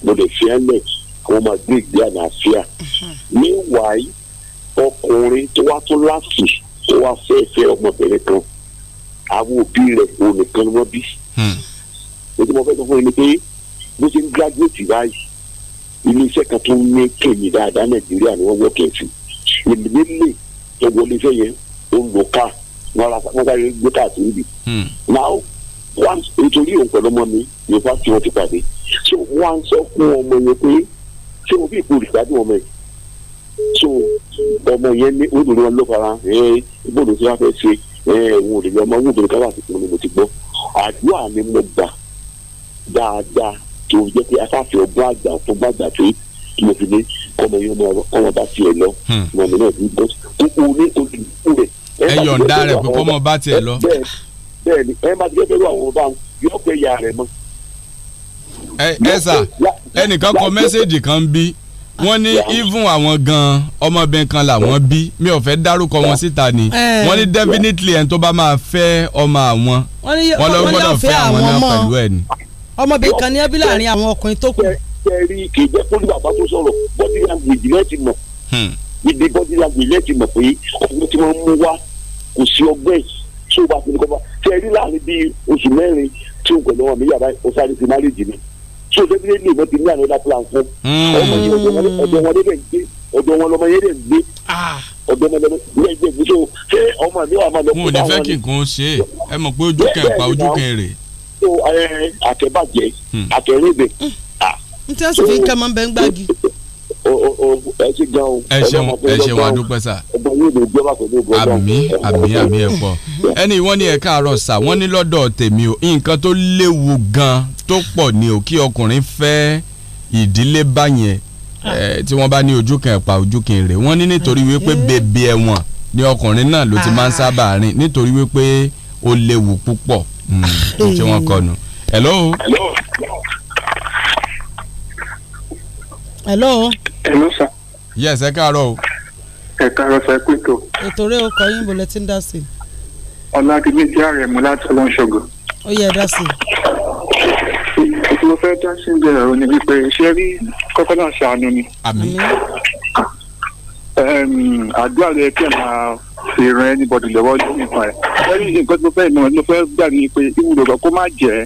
mo lè fi ẹ́lẹ̀ kí wọ́n máa gbé ìgbé àlàáfíà hmm. níwáyé ọkùnrin tó wá tó láàfin tó wá fẹ́ fẹ́ ọmọbìnrin kan àwọn òbí rẹ̀ òun nìkan ni wọ́n bí ètò hmm. mo fẹ́ sọ fún yín ni pé bó ṣe ń gírágùrẹ́tì báyìí ilé iṣẹ́ kan tó ń ní kéyìn dáadáa nàìjíríà ni wọ́n wọ́ kẹ̀sì èmi lè lè tó wọlé yẹn ó lò ká wọn sáré gbé káàkiri bì. Hmm. now wọn nítorí òun pẹ̀lú ọmọ mi ní fásitì wọn ti pàdé so wọn sọ fún ọmọ yẹn pé ṣé o bí ìpò ọmọ yẹn so ọmọ yẹn ní odò wọn ló fara ìbòdò tí wọn fẹ́ ṣe ẹ̀hún òdòdó ọmọ wọn òdòdó káwá àtìkù ni mo ti gbọ́ àdúrà ni mo gbà dáadáa tó jẹ́ pé afáfẹ́ ọgbọ́n àgbà tó gbọ́ àgbà tó mo fi ní kọ́mọ yẹn ọmọ ẹ yọ̀ǹda rẹ̀ pé kọ́mọ bá tiẹ̀ lọ. bẹ́ẹ̀ni ẹ máa ti gbé pẹ̀lú àwọn ọba yóò pé ìyá rẹ̀ mọ́. ẹ ẹ sà ẹnìkan kọ mẹ́sẹ̀gì kan bí wọ́n ní even àwọn gan ọmọbìnrin kan làwọn bí mi ò fẹ́ dárúkọ wọn síta ni wọ́n ní definitely ẹni tó bá máa fẹ́ ọmọ àwọn wọ́n lọ gbọ́dọ̀ fẹ́ àwọn náà pẹ̀lú ẹ̀ ni. ọmọbìnrin kan ní ẹbí láàrin àwọn ọkùnrin tó kù. kẹrí kì í jẹ́ kó ní bàbá tó sọ̀rọ̀ bọ́dí language náà ti mọ̀. Hmm ibi bọ́dí lágbè lẹ́ẹ̀tì mọ̀ pé ọgbọ́n tí wọ́n mú wá kò sí ọgbẹ́ tí ó bá fi kọ́ bá tí ẹ rí láàrin bíi oṣù mẹ́rin tí ó gbọ̀dọ̀ wọn mi yàrá ọ̀sáré ti máréjì mi tí o débi lè wọ́n ti ní àná plan fún hmm. ọmọ yẹn ọ̀dọ̀ wọn wọn lọmọ yẹn lè gbé ọ̀dọ̀ wọn lọmọ yẹn gbé ah. gbé so ṣé ọmọ mi wà máa lọ fún àwọn. wọn ò ẹ mọ̀ pé ojú kẹrin pa ojú kẹrin. àtẹ̀bàjẹ́ hmm. àtẹ̀rẹ́bẹ̀. n hmm. tí wọ́n sì fi kẹ́ mọ́ bẹ́ẹ̀ ń gbági ẹ ṣe gan o. ẹ ṣeun ẹ ṣeun adúpẹ́ sà. ọgbọ́n yóò lè gbé wàkó ní ìgbọ́ àmì àmì àmì ẹ̀ pọ̀ ẹni wọ́n ní ẹ káàárọ̀ sà wọ́n ní lọ́dọ̀ tèmi o nǹkan tó léwu gan tó pọ̀ ni o kí ọkùnrin fẹ́ ìdílé bá yẹn tí wọ́n bá ní ojú kan ẹ̀pà ojú kan rè wọ́n ní nítorí wípé mm-hmm. bèbè ẹ̀wọ̀n ni ọkùnrin náà ló ti máa ń ah. sábà rìn nítorí wípé ó léwu púpọ̀ mm, tí wọ́n kọnu. hello. hello. hello ẹ̀lú sà. yes ẹ káàárọ̀ o. ẹ káàárọ̀ sà ẹ kú ètò. ètò rẹ o kọ yín bò lẹ́tí ń dá sí. ọ̀làdìgbé jẹ́ ààrẹ mú láti ọlọ́run ṣògo. ó yẹ dá sí. mo fẹ́ dá sí ń bẹ̀rẹ̀ o ní wípé ṣé rí kọ́kọ́ náà ṣàánú ni. àmín. àdúrà rẹ kí ẹ máa fi ran anybody lọ́wọ́ lórí nǹkan ẹ̀. lẹ́yìn nǹkan tó fẹ́ náà ló fẹ́ gbà ní pé ìwúlò kan kó má jẹ́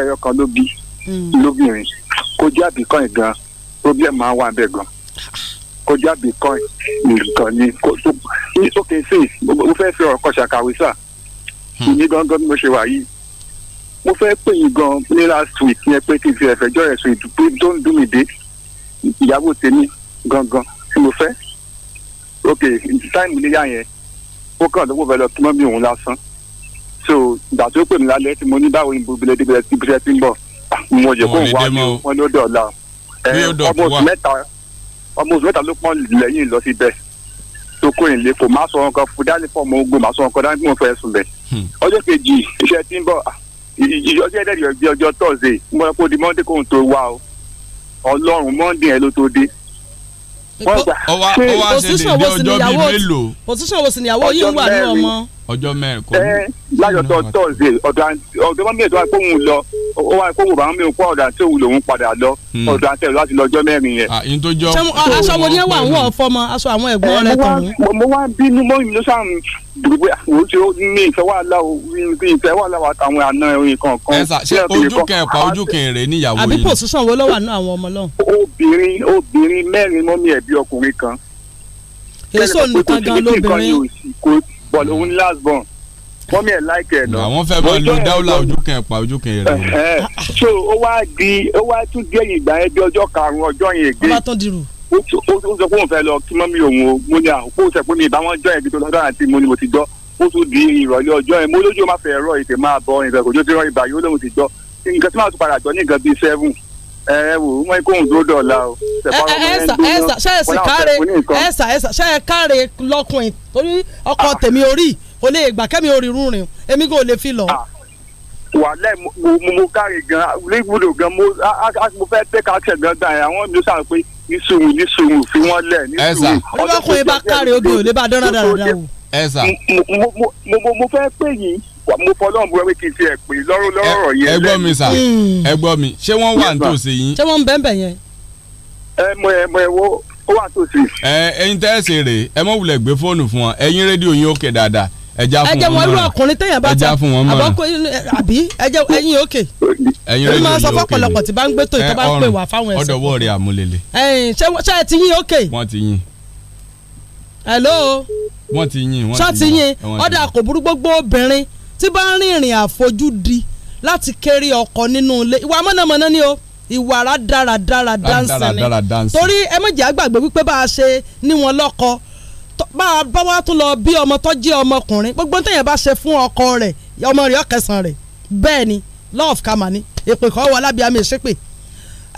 ẹyọ kan ló bí hmm. lóbìnrin kó jáde kan ẹ̀ gan-an problem máa wà bẹ́ẹ̀ gan kọjá bitcoin nìkan ni ó kè sí mo fẹ́ fi ọ̀rọ̀ kan ṣàkàwé sà ìní gangan bí mo ṣe wà yìí mo fẹ́ pè yín gan ní last week yẹn pé kí n fi ẹ̀fẹ̀jọ́ ẹ̀sùn ìdúpé tó ń dùn mí dé ìyàwó tèmi gangan tí mo fẹ́ ok táìmù léyà yẹn ó kàn lówó fẹ́ lọ kí mọ́mí òun lásán so ìgbà tó pè mí lálẹ́ tí mo ní báwo ni ibi ibi ibi ibi ibi ibi ibi ibi ibi ibi ibi ibi ibi ibi ibi Eh, almost mẹ́ta almost mẹ́ta ló pọ́n lẹ́yìn lọ síbẹ̀ tó kó ìlé kò má sọ nǹkan fún dání fọ́ ọmọ ogun má sọ nǹkan dání fún ọfẹ́ sùn bẹ̀. Hmm. ọjọ́ kejì iṣẹ́ tí ń bọ̀ ah, ọjọ́ ẹ̀dẹ́rì ọjọ́ ọjọ́ tọ̀sẹ̀ ń bọ̀ kó di monday kóhun tó wá o ọlọ́run monday yẹn ló tó dé. ọwọ́ àṣẹ lè dé ọjọ́ bíi mélòó. pòsíṣàn wo sì níyàwó yìí ń wà ní ọmọ ọjọ́ mẹ́rin kò ní. ẹ láyọ̀tọ̀ tọ́sídẹ̀ ọ̀dọ̀ ọ̀dọ̀ mọ́mí ètò àìkú òun lọ ó wá kó wùbá mi kó ọ̀dà tí òun lòun padà lọ hmm. ọ̀dọ̀ àtẹ̀ láti lọ́jọ́ mẹ́rin yẹn. àyìn tó jọ aṣọ wo ni wà ń wọ̀ fọmọ aṣọ àwọn ẹ̀gbọ́n rẹ tán. mo wá bínú mọ́ ìlú sáà dùgbẹ́ àwọn tí ó ní ìfẹ́ wà láwọ ìfẹ́ wà láwọ àtàwọn àna ìrìn kankan. ẹ sà ṣe ojú kẹpà ojú kẹrẹ níyàwó yìí. àbí pòsíṣàn wo ló wà ní àwọn ọmọ náà. obìnrin obìnrin mẹ́rin mọ́mí ẹ̀bí ọkùnrin kan. èso nìkan gan lóbìnrin but òun ni last born wọ́n mi ẹ̀ láìkẹ́ ẹ̀ náà. àwọn fẹ́ máa lo dáwùlà ojú kan ẹ̀pà ojú kan ẹ̀rẹ̀. so ó wá di ó wá tún di ẹ̀yìn ìgbà yẹn bí ọjọ́ karùn-ún ọjọ́ yẹn gbé. ọba tó dirù. ó sọ pé òun fẹ́ lọ kí mọ́mí òun o mo ní àkókò sọ pé mi ìbáwọn jọ yẹn kí tó lọ́dọ̀ àti mo ni mo ti gbọ́ ó tún di ìrọ̀lẹ́ ọjọ́ yẹn mo lójú ó máa fẹ́ ẹ̀rọ ètè máa bọ ìrẹ̀kọ̀jọ́ tí wọ́n ibà yóò lóun ti gbọ́ nǹkan tí màá tún padà jọ ní nǹkan bíi seven ẹ wò ó mọ ikóhùn tó dọ̀la o. ẹ ṣà ẹ ṣà ṣe é sì káre ẹ ṣà ẹ ṣà ṣe é káre lọkùnrin torí ọkọ ah. tèmi orí kò lè gbà kẹ́mi orí rúnrin èmi kò lè fi lọ. Ah. wàhálà mo mo káre gan nígbùdó gan mo mo fẹ́ tẹ́ ká ṣẹ̀ gan gan àwọn mi sàn pé ní sùúrù ní sùúrù fi wọ́n lẹ̀ ní sùúrù. ọlọ́kùnrin bá káre obì ò lè bá dán dáradára o. mo mo mo fẹ́ pè yín mo fọlọ́run bú pé kí n ti ẹ̀ pè lọ́rọ̀ lọ́rọ̀ yẹn. ẹ gbọ́ mi sà ẹ gbọ́ mi ṣé wọ́n wà nítòsí yín. ṣé wọ́n ń bẹ́ẹ̀ bẹ́ẹ̀ yẹn. ẹ mọ ẹ mọ ẹ wo ó wà nítòsí. ẹ ẹyin tẹ́ ẹ ṣe rè é mọ wulẹ̀ gbé fóònù fún wọn ẹyin rédíò yín ó kè dáadáa ẹja fún wọn mọ ẹjẹ wọn lu ọkùnrin téèyàn bá ta àbọkọ àbí ẹjẹ ẹyin òkè ẹyin òkè ni máa sọ fọpọlọpọ tí bá ń gbé tó ìtọ́ bá ń pè wá fáwọn ẹsẹ̀. ọ̀dọ̀ wọ́ọ̀rì àmúlélẹ̀. ẹyin ṣé ẹ ti yín òkè. wọ́n ti yín. hello wọ́n ti yín wọ́n ti yín ọ̀dà kò burú gbogbo obìnrin tí bá ń rìnrìn àfojúdi láti kéré ọkọ̀ nínú ilé ìwà mọ̀nàmọ́ná ni o ìwà rádaràdarà dáńsì ni torí ẹ má jẹ́ àgbàgbé wípé bá a ṣe níwọ̀n lọ́kọ bá a bá wa tún lọ bí ọmọ tó jẹ́ ọmọkùnrin gbogbo tẹ̀yẹ̀ bá ṣe fún ọkọ rẹ̀ ọmọ rẹ̀ ọ̀kẹsàn rẹ̀ bẹ́ẹ̀ ni love kama ni èpè kọ́ wọ alábíàmì ìṣépè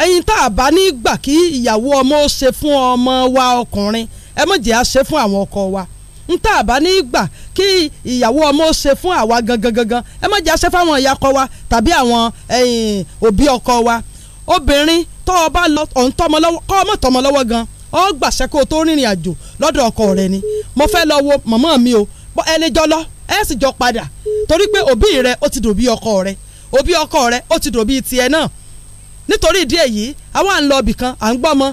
ẹ̀yin tá a bá ní gbà kí ìyàwó ọmọ ó ṣe fún ọmọ wa ọkùnrin ẹ má jẹ́ ṣe fún àwọn ọkọ wa ń tá a bá ní gbà kí ìyàwó ọmọ ó ṣe fún àwa gangan gangan ẹ má jẹ́ aṣẹ́ fáwọn ìyá ọkọ wa tàbí àwọn òbí ọkọ wa obìnrin tó o bá lọ ọ̀n tọmọ lọ́wọ́ kọ́ ọmọ tọmọ lọ́wọ́ gan ọ gbàṣẹ kó o tó rìnrìn àjò lọ́dọ̀ ọkọ rẹ ni mo fẹ́ lọ wo màmá mi o ẹni jọ lọ ẹ sì jọ padà torí pé òbí rẹ ó ti dòbí ọkọ rẹ òbí ọkọ rẹ ó ti dòbí tiẹ̀ náà nítorí ìdí èyí àwa ń lọ ibì kan à ń gbọ́ ọmọ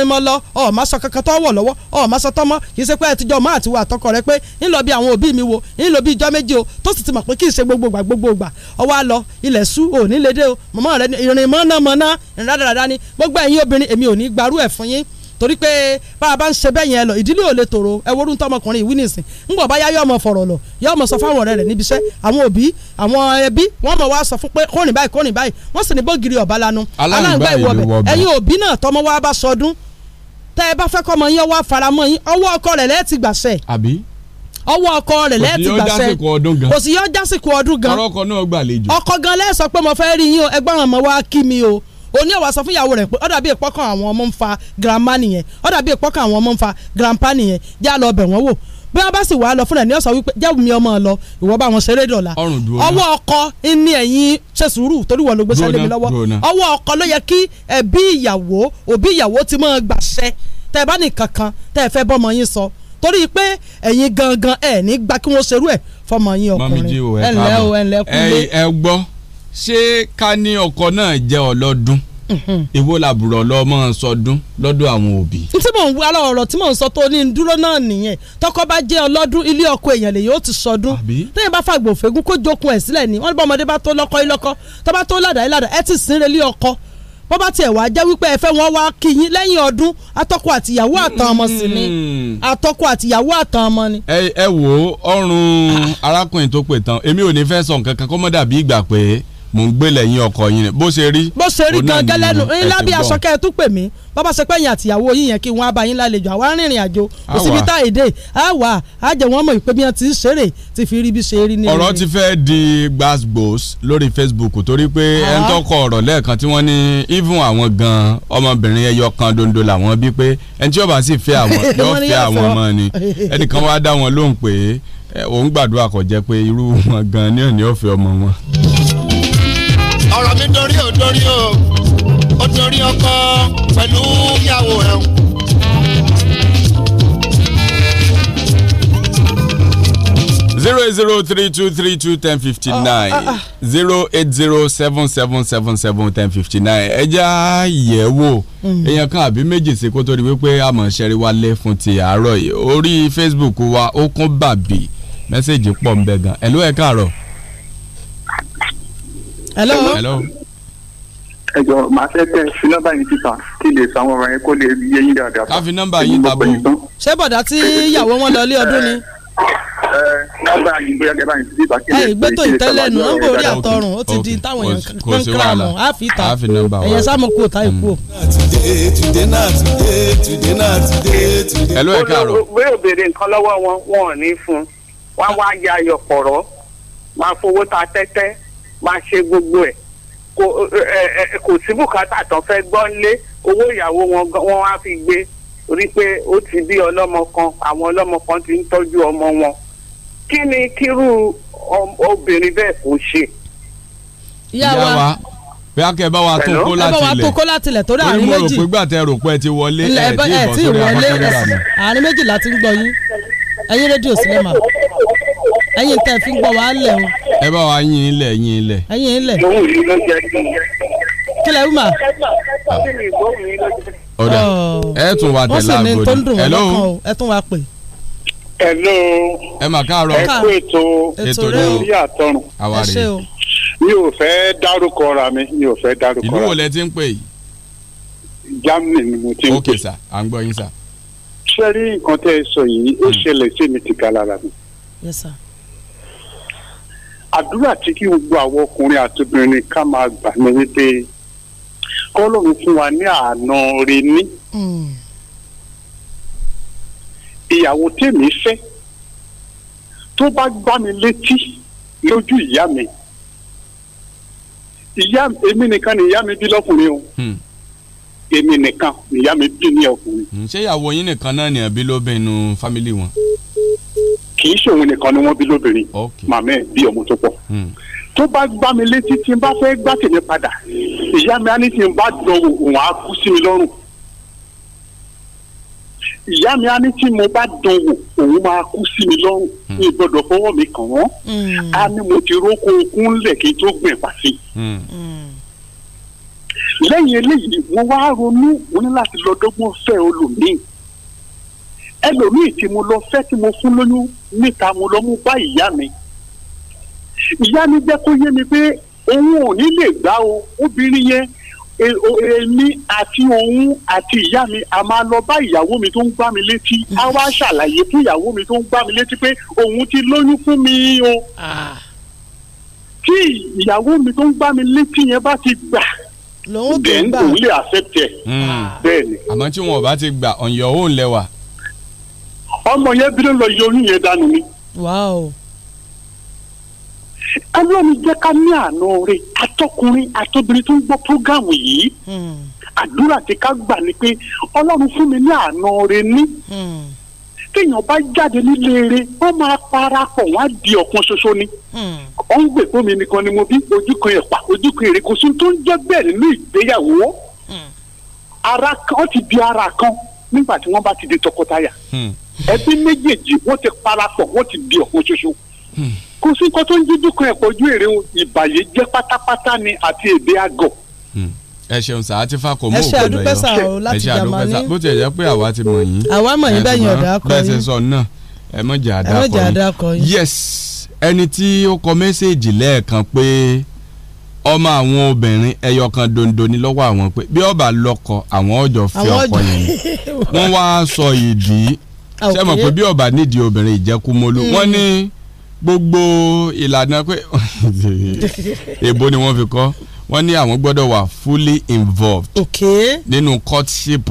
ọmọ lọ ọmọ sọ kankan tó wọ̀ lọ́wọ́ ọmọ sọ tọ́mọ kì í ṣe pé àtijọ́ ọmọ àtiwọ́ àtọkọ rẹ pé ń lọ bí àwọn òbí mi wo ń lọ bí ìjọ méje o tó sì ti mọ̀ pé kì í ṣe gbogbo gbà gbogbo gbà ọwọ́ á lọ ilẹ̀ sú òní lédè o mọ̀mọ́ rẹ ìrìn mọ́nàmọ́ná ìrìn rádaràdá ni gbogbo ẹ̀yin obìnrin èmi ò ní gbarú ẹ̀ fún yín torí pé bá a bá ń ṣe bẹ́ẹ̀ yẹn lọ ìdílé ò lè tòrò ẹwọ́rú ń tọmọkùnrin ìwí nìsín ńgbọ̀ bá yá yọ ọmọ fọ̀rọ̀ lọ yọ ọmọ sọ fáwọn ọ̀rẹ́ rẹ̀ níbi iṣẹ́ àwọn òbí àwọn ẹbí wọ́n mọ̀ wá sọ fún pé kórìn báyìí kórìn báyìí wọ́n sì ní bógiri ọ̀bá lanu aláǹgbá ìwọ̀bẹ̀ wa bá sọdún tẹ́ ẹ bá fẹ́ kọ́mọ yín ọwọ́ faramọ́ yín ọwọ́ ọkọ rẹ̀ lẹ́ẹ̀tì gbàṣẹ́ ọwọ́ ọkọ rẹ̀ lẹ́ẹ̀tì kò sì yọ jásìkò ọdún gan ọkọ gan lẹ́ẹ̀ pé mo fẹ́ rí yín o ẹgbọ́n àmọ́ wa kí mi o òní ọ̀wà sọ fún ìyàwó rẹ̀ pé ọ̀dà bíi ìpọ́kàn àwọn ọmọ ń fa grandma nìyẹn ọ̀dà bíi ìpọ́kàn àwọn ọmọ ń fa grandpa nìyẹn já lọ bẹ̀ wọ́n wò bí wọn bá sì wá lọ fúnra ní ọsàn wípé jẹ́ mi ọmọ lọ ìwọ bá wọn ṣeré dọ̀la ọwọ́ ọkọ ní ẹ̀yìn ṣe sùúrù torí wọn ló gbé sẹ́lẹ̀ mi lọ́wọ́ ọwọ́ ọkọ ló yẹ kí ẹbí ìyàwó òbí ìyàwó ti máa gbàṣẹ tẹ bá ní kankan tẹ fẹ́ bọ́mọ yín sọ torí pé ẹ̀yin gangan ẹ̀ ní gba kí wọ́n ṣerú ẹ̀ fọmọ yín ọkùnrin ẹ̀ ńlẹ́ o ẹ̀ ńlẹ́ kúnlé. ẹ gbọ́ ṣé ká ní ọkọ náà jẹ́ ọlọ́dún Mhm. èwo la bùrọ̀ lọ mọ́ sọdún lọ́dọ̀ àwọn òbí. n tí mò ń wá ọ̀rọ̀ tí mò ń sọ tó ní dúró náà nìyẹn tọkọ bá jẹ́ ọlọ́dún ilé ọkọ èèyàn lè yóò ti sọdún tẹ́yìn bá fàgbò fẹ́gún kó jókun ẹ̀ sílẹ̀ ni wọ́n ní bá ọmọdé bá tó lọ́kọ́ ilọ́kọ́ tó bá tó ládàá iládàá ẹ ti sínre ilé ọkọ bó bá tiẹ̀ wá jẹ́ wípé ẹ fẹ́ wọn wá kíyìn lẹ́yìn ọdún atọ́kọ àtìyàwó àtàn ọmọ sí ni hmm. atọ́kọ àtìyàwó àtàn ọmọ ni. ẹ wo ọrùn arákùnrin tó pè tán èmi ò ní fẹ́ sọ nǹkan kan kó mọ́ ìgbà pé mò ń gbé lẹ́yìn ọkọ yín ni bó ṣe rí. bó ṣe rí gan gẹ́lẹ́ nu ńlá bí aṣọ ẹ tún pè mí bàbá ṣe pé àtìyàwó yín yẹn kí wọ́n á yín lálejò àwa rìnrìn àjò kò èdè á wà á jẹ́ wọ́n mọ̀ ti ṣeré ti fi rí ṣe rí ní. ọ̀rọ̀ ti fẹ́ di gbasgbos lórí Facebook torí pé ẹni tó kọ ọ̀rọ̀ lẹ́ẹ̀kan tí wọ́n ní even àwọn gan ọmọbìnrin ẹyọ kan dondo làwọn bí pé ẹni tí yóò bá sì fẹ́ àwọn [laughs] yóò fẹ́ àwọn ọmọ ni ẹnìkan wá dá wọn lóhùn pé òun gbàdúrà kó jẹ́ pé irú wọn gan ni ò ọ̀rọ̀ mi dorí ò dorí o ó dorí ọkọ pẹ̀lú ìyàwó rẹ̀ o. zero eight zero three two three two ten fifty ah, ah, nine ah, zero eight zero seven seven seven seven ten fifty nine ẹja yẹ̀ wò hmm. èèyàn kan àbí méjì sí kó tó di wípé àmọ̀ ṣẹ́rí wálé fún ti àárọ̀ yìí orí Facebook wa ó kún bàbí mẹ́sẹ̀gì pọ̀ ń bẹ gan ẹ̀ ló ẹ̀ káàárọ̀ hello. hello ẹ jọ màá fẹ́ tẹ fi nọ́mbà yín síta kí lè sọ àwọn ọmọ yẹn kó lè yé yín dáadáa. ká fi nọ́mbà yín ta bò. ṣé bọ̀dá tí ìyàwó wọn lọ ilé ọdún ni. ẹ nọ́mbà yín bóyá gẹ́gẹ́ báyìí sí ìbá kí lè. ẹ ìgbẹ́tò ìtẹ́lẹ̀ nù nọ́mbà orí àtọrùn ó ti di táwọn èèyàn kan kíra mọ̀ á fi ta ẹ̀yẹ sáàmù kú òtá ìkú. ẹ ló ẹ káàárọ̀. bóyá òbèrè nǹkan lọ́wọ́ wọn wọn ò ní fún wọn wá ya ayọ̀ pọ̀rọ̀ máa fowó ta tẹ́tẹ́ máa ṣe gbogbo ẹ̀ kò sí bùkátà tán fẹ́ gbọ́ nílé owó ìyàwó wọn á fi gbé rí pé ó ti bí ọlọ́mọ kan àwọn ọlọ́mọ kan ti ń tọ́jú ọmọ wọn kí ni kírú obìnrin bẹ́ẹ̀ kò ṣe. ìyá wa bí a kẹ bá wa tó kó láti lẹ ẹ bá wa tó kó láti lẹ torí àárín méjì torí mo rò pé gbà tẹ rò pé ẹ ti wọlé ẹ tí ì bọ́ sórí àpapọ̀ àárín méjì láti ń gbọ́ yín ẹ̀yin rédíò sinimá ẹ̀yin tẹ́ fi ń gbọ́ wàá lẹ̀ o. ẹ bá wa yín ilẹ̀ yín ilẹ̀. ẹ̀yin ilẹ̀. kílẹ̀ wúmà. ọ̀dà ẹ tún wa tẹ̀lé àgọ́dì hello ẹ tún wa pè. hello ẹ mà káàárọ̀ ẹ kú ètò ètò rẹ orí àwa rè mi ò fẹ́ dárúkọ ra mi mi ò fẹ́ dárúkọ ra ìlú wo lẹ ti ń pè yìí. Germany ni mo ti ń pè. ok sir à ń gbọ́ yín sir. ṣé rí nǹkan tẹ́ ẹ sọ yìí ó hmm. ṣẹlẹ̀ sí mi ti ká mi. yes sir àdúrà tí kí gbogbo àwọn ọkùnrin àti obìnrin ká máa gbà ní wípé kọ́lọ́run fún wa ní àná rẹ̀ ní. Hmm. ìyàwó tèmi fẹ́ tó bá gbá mi létí lójú ìyá mi ìyá èmi nìkan ni ìyá mi bí lọ́kùnrin o hmm. èmi nìkan ni ìyá mi bí ní ọkùnrin. Hmm, ṣé ìyàwó yín nìkan náà ni àbí ló bẹ inú wọn kì í ṣòun nìkan ni wọ́n bí lóbìnrin màmá ẹ̀ bí ọmọ tó pọ̀ hmm. tó bá gbá mi létí tí n bá fẹ́ gbá tèmi padà ìyá mi á ní tí n bá dánwò òun á kú sí mi lọ́rùn ìyá mi á ní tí mo bá dánwò òun máa kú sí mi lọ́rùn hmm. mi gbọ́dọ̀ fọwọ́ mi kàn wọ́n hmm. á ní mo ti rókò okun lẹ̀ kí n tó gbìn pàṣẹ lẹ́yìn eléyìí mo wá ronú mo ní láti lọ dọ́gbọ́n fẹ́ olùmíì ẹlòmíì tí mo lọ fẹ́ tí mo fún lóyún níta mo lọ mú bá ìyá mi ìyá mi jẹ́ kó yé mi pé òun ò ní lè gbá o obìnrin yẹn e, èmi àti òun àti ìyá mi a máa lọ bá ìyàwó mi tó ń gbá mi létí a wá ṣàlàyé fún ìyàwó mi tó ń gbá mi létí pé òun ti lóyún fún mi o tí ìyàwó mi tó ń gbá mi létí yẹn bá ti gbà lòun tó gbà bẹ́ẹ̀ ni. àmọ́ tí wọn ò bá ti gbà on your own lẹ́wà ọmọ yẹn bínú lọ yọ oyún yẹn dànù ni. ọlọ́run jẹ́ ká ní àánú rẹ̀ atọ́kùnrin àtobìnrin tó ń gbọ́ prógámù yìí hmm. àdúrà tí ká gbà ni pé ọlọ́run fún mi ní àánú rẹ̀ ní hmm. téèyàn bá jáde nílé rẹ̀ wọ́n máa parapọ̀ wọ́n á di ọ̀kan ṣoṣo ni ọ̀n hmm. gbè fún mi nìkan ni mo bí ojú kan ẹ̀pà ojú kan èrè tó ń jẹ́ bẹ́ẹ̀ nínú ìgbéyàwó ara kan ó ti di ara kan nígbà tí wọ́n bá ti di tọkọtaya hmm. ẹbí méjèèjì wọ́n ti parapọ̀ wọ́n ti di ọ̀kan ṣoṣo hmm. kò sí nǹkan tó ń dídú kan ẹ̀pọ̀ ojú èrè ìbàyè jẹ́ pátápátá ni àti èdè àgọ̀. Hmm. ẹ ṣeun sá àti fakọ mọ òkè lọyọ ẹ ṣe àdúpẹ́sà láti jamani bó tiẹ̀ jẹ́ pé àwa ti mọ̀ yín àwa mọ̀ yín bẹ́ẹ̀ yín ọ̀dà akọ yín bẹ́ẹ̀ ṣe náà ẹ mọ̀ jẹ́ àdá yín yes ẹni tí ó kọ mẹ́sẹ̀gì ọmọ àwọn obìnrin ẹyọ dondo ní lọ́wọ́ àwọn pé bí ọba lọ́kọ àwọn ọjọ́ fi ọkọ yẹn [laughs] wọ́n wá sọ ìdí ṣé pé bí ọba nídìí obìnrin ìjẹkúmọ́lú hmm. wọ́n ní gbogbo ìlànà pé [laughs] èbó ni wọ́n fi kọ́ wọ́n ní àwọn gbọ́dọ̀ wà fully involved okay. nínú courtship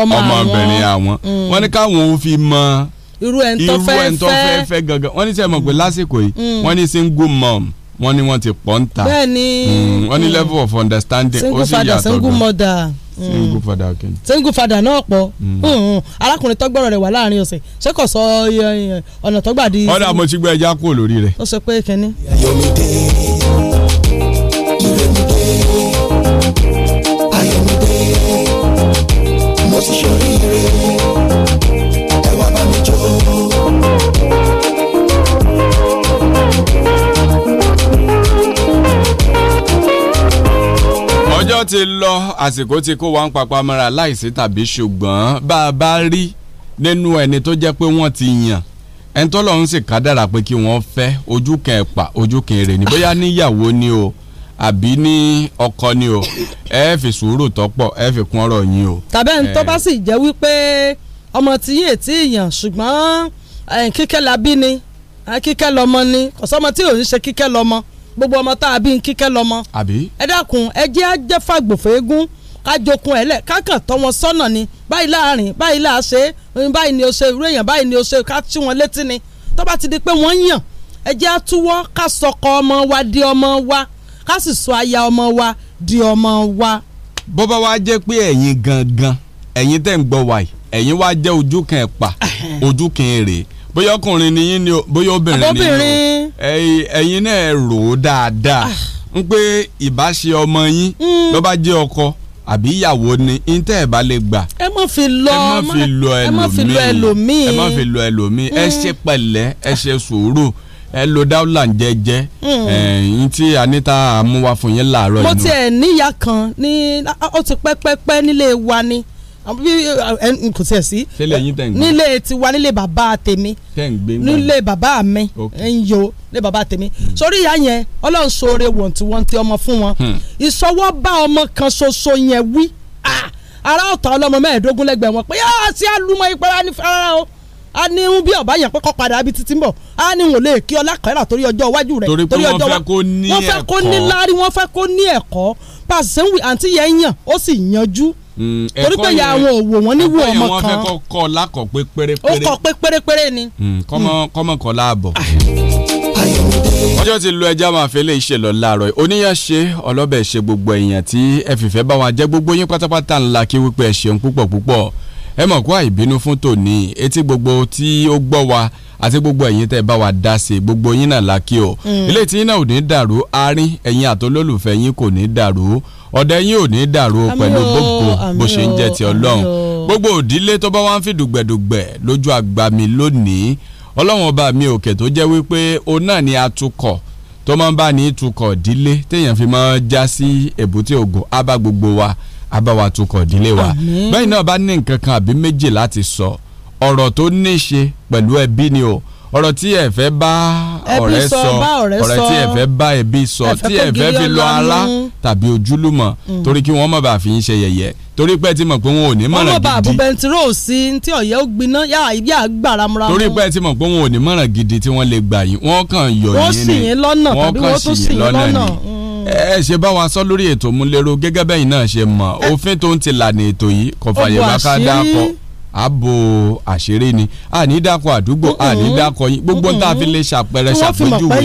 ọmọbìnrin àwọn hmm. wọ́n ní káwọn ò fi mọ irú ẹni tó gangan wọ́n ní sẹ́yìn pé hmm. lásìkò yìí wọ́n ní single mom. Mm wọ́n ní wọ́n ti pọ̀ bẹ́ẹ̀ni mm, wọ́n ní mm. level of understanding ó sì yàtọ̀ single mother mm. single father ok single father náà pọ̀ arákùnrin tọ́gbọ́rọ̀ rẹ̀ wà láàrin ọ̀sẹ̀ ṣé eh, eh, ọ̀nà tọ́gbà di. ọ̀dà mo ti gbé ẹja kúrò lórí rẹ̀. ó sọ pé kẹ́ni. yomide ọjọ́ ti lọ àsìkò ti kó wa ń papá mọ́ra láìsí tàbí ṣùgbọ́n bá a bá rí nínú ẹni tó jẹ́ pé wọ́n ti yàn ẹni tó lọ́run sì kádàrà pé kí wọ́n fẹ́ ojú kan ẹ̀pà ojú kan èrè ni bóyá níyàwó ni o àbí ní ọkọ ni o ẹ fi sùúrù tọ́pọ̀ ẹ fi kún ọ̀rọ̀ yín o. tàbí ẹni tó bá sì jẹ́ wípé ọmọ tí yìí tí yàn ṣùgbọ́n kíkẹ́ labí ni kíkẹ́ lọ́mọ ni kò sọ́mọ tí ò ń ṣe kíkẹ́ lọ́mọ gbogbo ọmọ tá a bí kíkẹ́ lọ́mọ. àbí. ẹ dákun ẹ jẹ́ ajẹ́fà gbòfẹ́gún kájokun ẹ̀lẹ́ kákàn tọ́ wọn sọ́nà ni báyìí láàrin báyìí là báyìí ni o ṣe irú èèyàn báyìí ni o ṣe ká tí wọn létí ni tó bá ti di pé wọ́n yàn ẹ jẹ́ àtúwọ́ ká sọkọ ọmọ wa di ọmọ wa ká sì sọ aya ọmọ wa di ọmọ wa. bó bá wá jẹ́ pé ẹ̀yin gangan ẹ̀yin tẹ̀ ń gbọ́ wáyé ẹ̀yin wá jẹ́ ojú kan ẹ̀pà [laughs] ojú kan èrè bóyá ọkùnrin ni yín ni o bóyá obìnrin ni yín o ẹ̀yin náà rò ó dáadáa ń ah. pé ìbáṣe ọmọ yín hmm. ló bá jẹ́ ọkọ àbí ìyàwó ni ntẹ́ ẹ̀ bá lè gbà. ẹ má fi lọ ẹ má fi lọ ẹlòmíì ẹ má fi lọ ẹlòmíì ẹ hmm. ṣe pẹ̀lẹ́ ẹ ṣe sùúrù ẹ lo dáúlà jẹ́jẹ́ hmm. ẹ̀yìn tí anita amúwa fún yín láàárọ̀ yìí. mo tiẹ̀ níyà kan ní ó ti pẹ́pẹ́pẹ́ nílé wa ni kò tiẹ̀ sí nílé tiwa nílé bàbá tèmi nílé bàbá mi ń yo nílé bàbá tèmi hmm. sórí ìyá yẹn ọlọ́run sóore wọ̀ntìwọ̀ntì ọmọ fún wọn hmm. ìsọwọ́ bá ọmọ kan ṣoṣo yẹn wí ara ọ̀tá ọlọ́mọ mẹ́ẹ̀ẹ́dógún lẹ́gbẹ̀ẹ́ wọn pé yáa ṣe àlùmọ̀ ipa ara ní fara o a ní ń bí ọ̀bá yẹn pé kọ́ padà bí títí ń bọ̀ a ní wọn lè kí ọlá kẹ́rà torí ọjọ́ iwájú rẹ̀ torí ọjọ́ wa wọ́n fẹ́ kó ní láárí wọ́n fẹ́ kó ní ẹ̀kọ́ pàṣẹ ń wí àǹtí yẹn yàn ó sì yanjú Mm, torí pé ya àwọn òwò wọn ní wo ọmọ kan ẹ̀kọ́ yẹn wọ́n fẹ́ kọ́ lákọ̀ pé pérépéré ó kọ́ pé pérépéré ni. Mm, kọ́mọ mm. kọ́ láàbọ̀. Ah. ọjọ́ ti lu ẹja máa fẹ́lẹ́ iṣẹ́ lọ láàárọ̀ oníyàn ọlọ́bẹ̀ ṣe gbogbo èèyàn tí ẹ fìfẹ́ bá wa jẹ́ gbogbo yín pátápátá ńlá kí wípé ẹ ṣeun púpọ̀ ẹ mọ̀ kó àìbínú fún tòní etí gbogbo tí ó gbọ́ wa àti gbogbo ẹ̀yin tẹ́ bá wa dá sí gbogbo yín náà lákì o mm. ilé tí yín náà ò ní dàrú àárín ẹ̀yin àtolólùfẹ́ yín kò ní dàrú ọ̀dẹ yín ò ní dàrú pẹ̀lú gbogbo bó ṣe ń jẹ́ ti ọlọ́run gbogbo òdílé tó bá wá ń fi dùgbẹ̀dùgbẹ̀ lójú àgbà mi lónìí ọlọ́run ọba mi òkè tó jẹ́ wípé òun náà ni atukọ̀ tó máa ń bá ní tukọ̀ dílé téèyàn fi máa já sí èbúté ògùn á bá gbogbo wa á bá wa tukọ̀ dílé wa bẹ́ẹ̀ náà bá ní nǹkan kan àbí méjì láti sọ so ọ̀rọ̀ tó ní ṣe pẹ̀lú ẹbí ni o ọ̀rọ̀ tí ẹ fẹ́ bá ọ̀rẹ́ sọ ọ̀rẹ́ tí ẹ fẹ́ bá ẹbí sọ tí ẹ fẹ́ fi lọ ará tàbí ojúlùmọ̀ mm. torí kí wọ́n má bàa fi ń ṣe yẹ̀yẹ́ torí pé ti mọ̀ pé wọn ò ní mọ̀ràn gidi. wọ́n bá àbú bẹntiró sí tí ọ̀yẹ́ ó gbiná yá gbàrà mura torí pé ti mọ̀ pé wọn ò ní mọ̀ràn gidi tí wọ́n lè gbà yín wọ́n kàn yọ yín ni ẹ ṣe bá wa sọ lórí ètò múlẹ́rọ gẹ́gẹ́ bẹ́yìn náà ṣe mọ̀ òfin tó ń ti lànà ètò yìí kò fàyè bá ká dáa kọ́ ààbò àṣírí ni àní dákọ̀ àdúgbò àní dákọ̀ yín gbogbo tá a fi lè ṣàpẹrẹ ṣàpèjúwe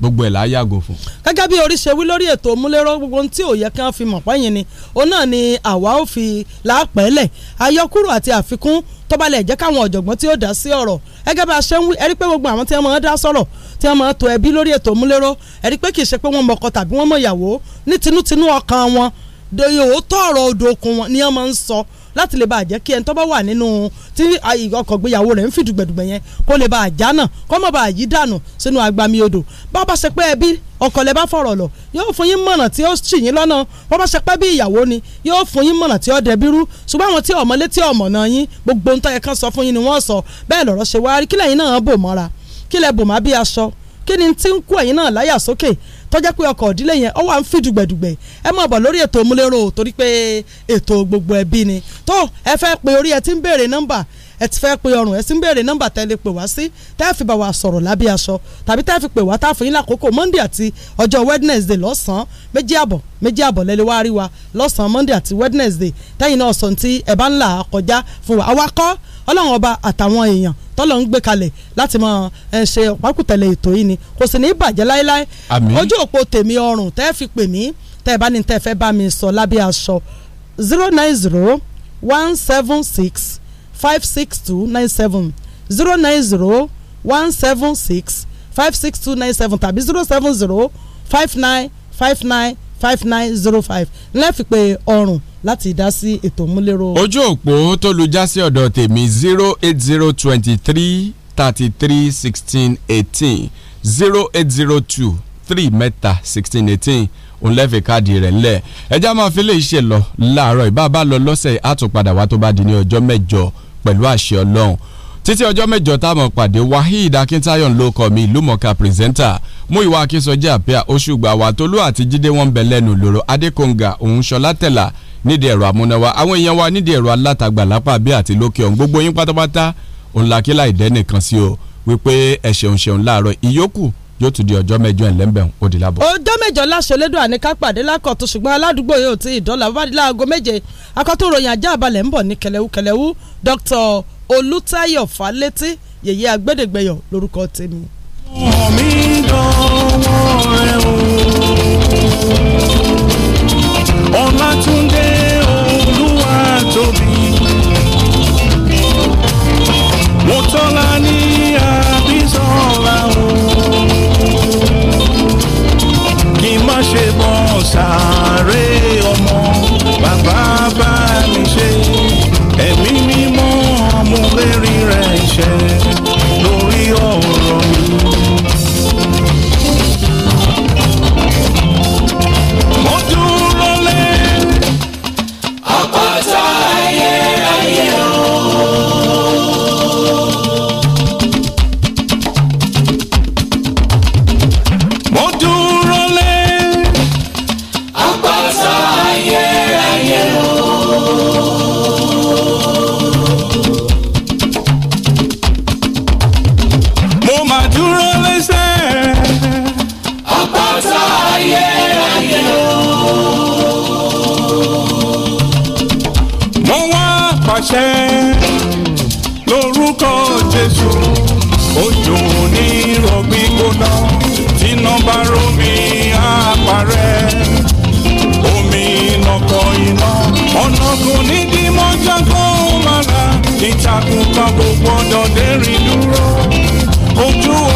gbogbo ẹ̀ la yàgò fún. gẹ́gẹ́ bí orí ṣe wí lórí ètò múlẹ́rọ́ gbogbo ohun tí ò yẹ kí wọ́n fi mọ̀ pẹ́yìn ni òun náà ni àwa ò fi láàpẹ́lẹ̀ àyọkúrò àti àfikún tó bá lẹ̀ jẹ́ káwọn ọ̀jọ̀gbọ́n tí ó dá sí ọ̀rọ̀ gẹ́gẹ́ bá a ṣe ń wí ẹ̀rí pé gbogbo àwọn tí wọ́n máa ń dá sọ̀rọ̀ tí wọ́n máa ń ẹbí lórí ètò múlẹ́rọ́ ẹ̀rí pé kì í ṣe pé wọ́n mọ̀kọ tàbí wọ́n mọ̀ ní tinútinú ọkàn wọn òótọ́ ọ̀rọ̀ òdòkun wọn ni wọ́n máa ń sọ láti lè bá a jẹ́ kí ẹni tó bá wà nínú tí ọkọ̀ gbéyàwó rẹ̀ ń fi dùgbẹ̀dùgbẹ̀ yẹn kó lè bá a já náà kó má bàa yí dànù sínú agbami odò bàbá ṣe pé ẹbí ọkọ lẹ bá fọ̀rọ̀ lọ yóò fún yín mọ̀nà tí ó sì yín lọ́nà bàbá ṣe pé bí ìyàwó ni yóò fún yín mọ̀nà tí ó dẹbi rú ṣùgbọ́n àwọn tí ọmọ létí ọmọ náà yín gbogbo ń yẹ kán sọ fún yín ni wọ́n sọ bẹ́ẹ̀ lọ́rọ̀ ṣe wá rí kílẹ̀ yín náà bò mọ́ra kílẹ̀ bò má bí aṣọ kí ni tí ń kó ẹ̀yin náà láyà sókè tọ́jẹ́ pé ọkọ̀ ìdílé yẹn ọwọ́ à ń fi dùgbẹ̀dùgbẹ̀ ẹ mọ̀ bọ̀ lórí ètò òmùlérò torí pé ètò gbogbo ẹbí ni tó ẹ fẹ́ pe orí ẹ ti ń béèrè nọ́mbà ẹ ti fẹ́ pe ọrùn ẹ sì ń béèrè nọ́mbà tẹ́lẹ̀ pè wá sí tẹ́ẹ̀ fi bá wa sọ̀rọ̀ lábẹ́ aṣọ tàbí tẹ́ẹ̀ fi pè wá táà fún yín lákòókò Monday àti ọjọ́ Wednesday lọ́sàn-án méjì àbọ̀ méjì àbọ̀ lẹ́lẹ́ wá rí wa lọ́sàn-án Monday àti Wednesday tẹ́yìn náà sọ ti ẹ̀ bá ń là kọjá fún wa àwa kọ́ Ọlọ́run ọba àtàwọn èèyàn tọ́lọ̀ ń gbé kalẹ̀ láti mọ ṣe ọ̀pákùtẹ̀lẹ̀ ètò yìí ni kò sì ní í bàjẹ́ láéláé ojú òpó tèmi ọrùn tẹ́ẹ̀ fi pè mí tẹ́ẹ̀ bá ní tẹ́ẹ̀ fẹ́ bá mi sọ lábẹ́ aṣọ zero nine zero one seven six five six two nine seven zero nine zero one seven six five six two nine seven tàbí zero seven zero five nine five nine five nine zero five lẹ́ẹ̀fì pé ọrùn láti dá sí ètò múlẹ́rọ. ojú òpó tó lu já ọ̀dọ̀ tèmi zero eight zero twenty three thirty three sixteen eighteen zero eight zero two three mẹ́ta sixteen eighteen òun lẹ́fẹ̀ káàdì rẹ̀ ńlẹ̀ ẹjẹ́ a máa fi lè ṣe lọ láàárọ̀ ìbá bá lọ lọ́sẹ̀ àtúnpadà wa tó bá di ní ọjọ́ mẹ́jọ pẹ̀lú àṣẹ ọlọ́run títí ọjọ́ mẹ́jọ táwọn pàdé waheed akintayo ló kọ́ mi ìlúmọ̀ọ́ká pírẹsẹ́ńtà mú ìwà akínsọjí àpẹ́à oṣùgbà wàtólú àti jíde wọn bẹ̀ lẹ́nu lòrò adékọ̀ǹgà òun ṣọlá tẹ̀là nídìí ẹ̀rọ amúnáwá àwọn èèyàn wa nídìí ẹ̀rọ alátagbà lápá bí àti lókè ọ̀hún gbogbo yín pátápátá òun làkílà ìdẹ́nìkan sí o wípé ẹ ṣeun ṣeun láàárọ̀ ìyókù yóò tún di ọjọ́ mẹ́jọ ẹ̀ lẹ́mbẹ̀ẹ́ ó di lábọ̀. ọjọ́ mẹ́jọ láṣẹ Elédùà ní ká pàdé lákọ̀tún ṣùgbọ́n aládùúgbò yóò ti ìdọ́là bá méje akọ́tún ròyìn ajá àbálẹ̀ ń bọ̀ ní kẹlẹ́wú Dr. Olùtayọ̀ Fálétí yèyé agbẹ́dẹ̀gbẹ́yọ̀ lórúkọ tèmi. mo tọ́lá ní àbísọ̀lá o. ṣe mọ sàárè ọmọ bàbá bá mi ṣe ẹ̀mí mímọ́ ọmọ lérí rẹ̀ ṣẹ lórí ọ̀hún. gbóná tíná bá rómi àpárẹ̀ omi nọkọ̀ iná ọ̀nà kò ní dí mọ́jà kó máa ra ìtàkùn kan kò gbọ́dọ̀ dẹ́rìn dúró ojú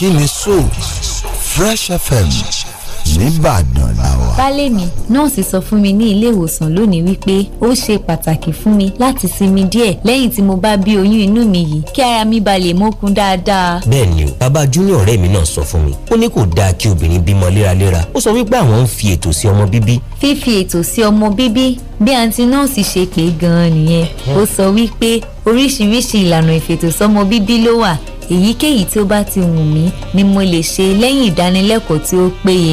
ìkíni sóò Fresh FM nìbàdàn làwà. baálé mi nọ́ọ̀sì sọ fún mi ní ilé ìwòsàn lónìí wípé ó ṣe pàtàkì fún mi láti sinmi díẹ̀ lẹ́yìn tí mo bá bí oyún inú mi yìí kí ara mi ba lè mókun dáadáa. bẹ́ẹ̀ni o bàbá junior ọ̀rẹ́ mi náà sọ fún mi ó ní kò dáa kí obìnrin bímọ léraléra ó sọ wípé àwọn ń fi ètò sí ọmọ bíbí. fífi ètò sí ọmọ bíbí bí àǹtí nọ́ọ̀sì ṣe pé gan-an nìyẹn ó sọ wípé oríṣiríṣi ìlànà ìfètòsọ́mọ bíbí ló wà èyíkéyìí tí ó bá ti wù mí ni mo lè ṣe lẹ́yìn ìdánilẹ́kọ̀ọ́ tí ó péye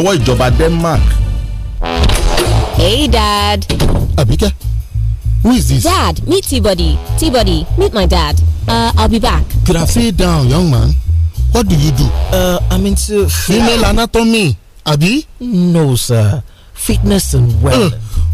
lọ́wọ́ ìjọba Denmark. Hey dad. Abike, who is this? Dad, meet T-Body. T-Body, meet my dad. Uh, I'll be back. Could I sit down, young man? What do you do? Uh, I'm into... Female anatomy, Abi? No, sir. Fitness and wellness. Uh.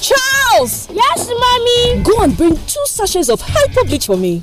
Charles! Yes, mommy! Go and bring two sachets of hyper bleach for me.